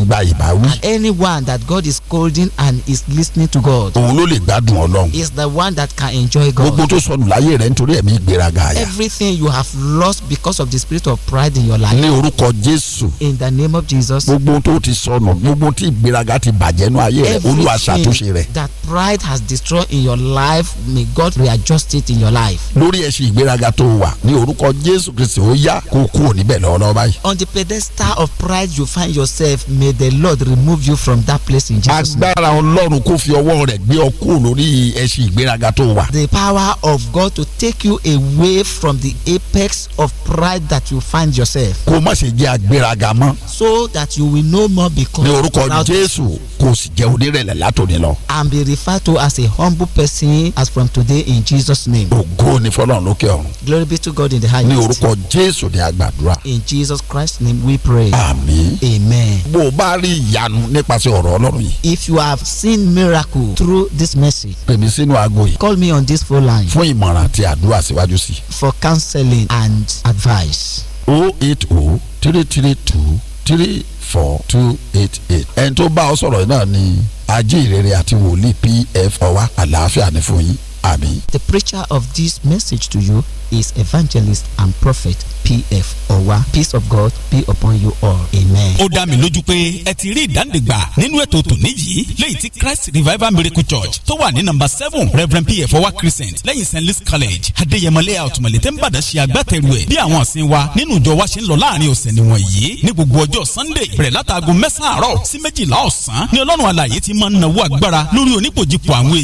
and anyone that God is calling and is listening to God. is the one that can enjoy God. everything you have lost because of the spirit of pride in your life. in the name of Jesus. gbogbo that pride has destroyed in your life may God readjust it in your life bẹ́ẹ̀ lọ́wọ́lọ́wọ́ báyìí. on the pedestal of pride you find yourself may the Lord remove you from that place in Jesus name. agbára ọlọ́run kò fi ọwọ́ rẹ̀ gbé ọ kúrò lórí ẹṣin ìgbéraga tó wà. the power of God to take you away from the apex of pride that you find yourself. kó má ṣe jẹ́ agbéraga mọ́. so that you will no more become. ní orúkọ Jésù kó sì jẹ́ onírẹ̀lẹ̀ látòní lọ. and be referred to as a humble person as from today in Jesus name. ògo ni fọlọ́run lókè ọ̀run. glory be to God in the highest. ní orúkọ Jésù ni a gbàdúrà. in Jesus Christ's name we pray. amen. bó o bá rí ìyanu nípasẹ̀ ọ̀rọ̀ ọlọ́run yìí. if you have seen miracle through this message. sínú aago yìí. call me on this phone line. fún ìmọ̀ràn àti àdúrà síwájú sí. for counseling and advice. 080 332 three four two eight eight ẹni tó bá ọ sọ̀rọ̀ náà ni ajé ìrere àti wòlíì pf ọwá àlàáfíà ní fún yín. Àmín. The preacher of this message to you is evangelist and prophet P.F. Owa. Peace of God be upon you all. Amen. Ó dá mi lójú pé ẹ ti rí ìdánidìgbà nínú ètò tòní yìí lẹ́yìn tí Christ Revival Miracle Church tó wà ní nọ́mbà seven Reverend P.F. Owa Crescent lẹ́yìn St. Louis College Adéyẹmọlẹ́ Àtùmọ̀lẹ́ tẹ́ ń bàdá ṣe agbátẹrù ẹ̀ bí àwọn ọ̀sìn wa nínú ìjọ wa ṣe ń lọ láàrin ọ̀sẹ̀ nìwọ̀n yìí ní gbogbo ọjọ́ Sunday bẹ̀rẹ̀ látàgò mẹ́sàn-án àárọ̀ sí méjìlá ọ̀sán ni Ọlọ́run alààyè ti máa ń nawó agbára lórí onípòjìpọ̀ àwọn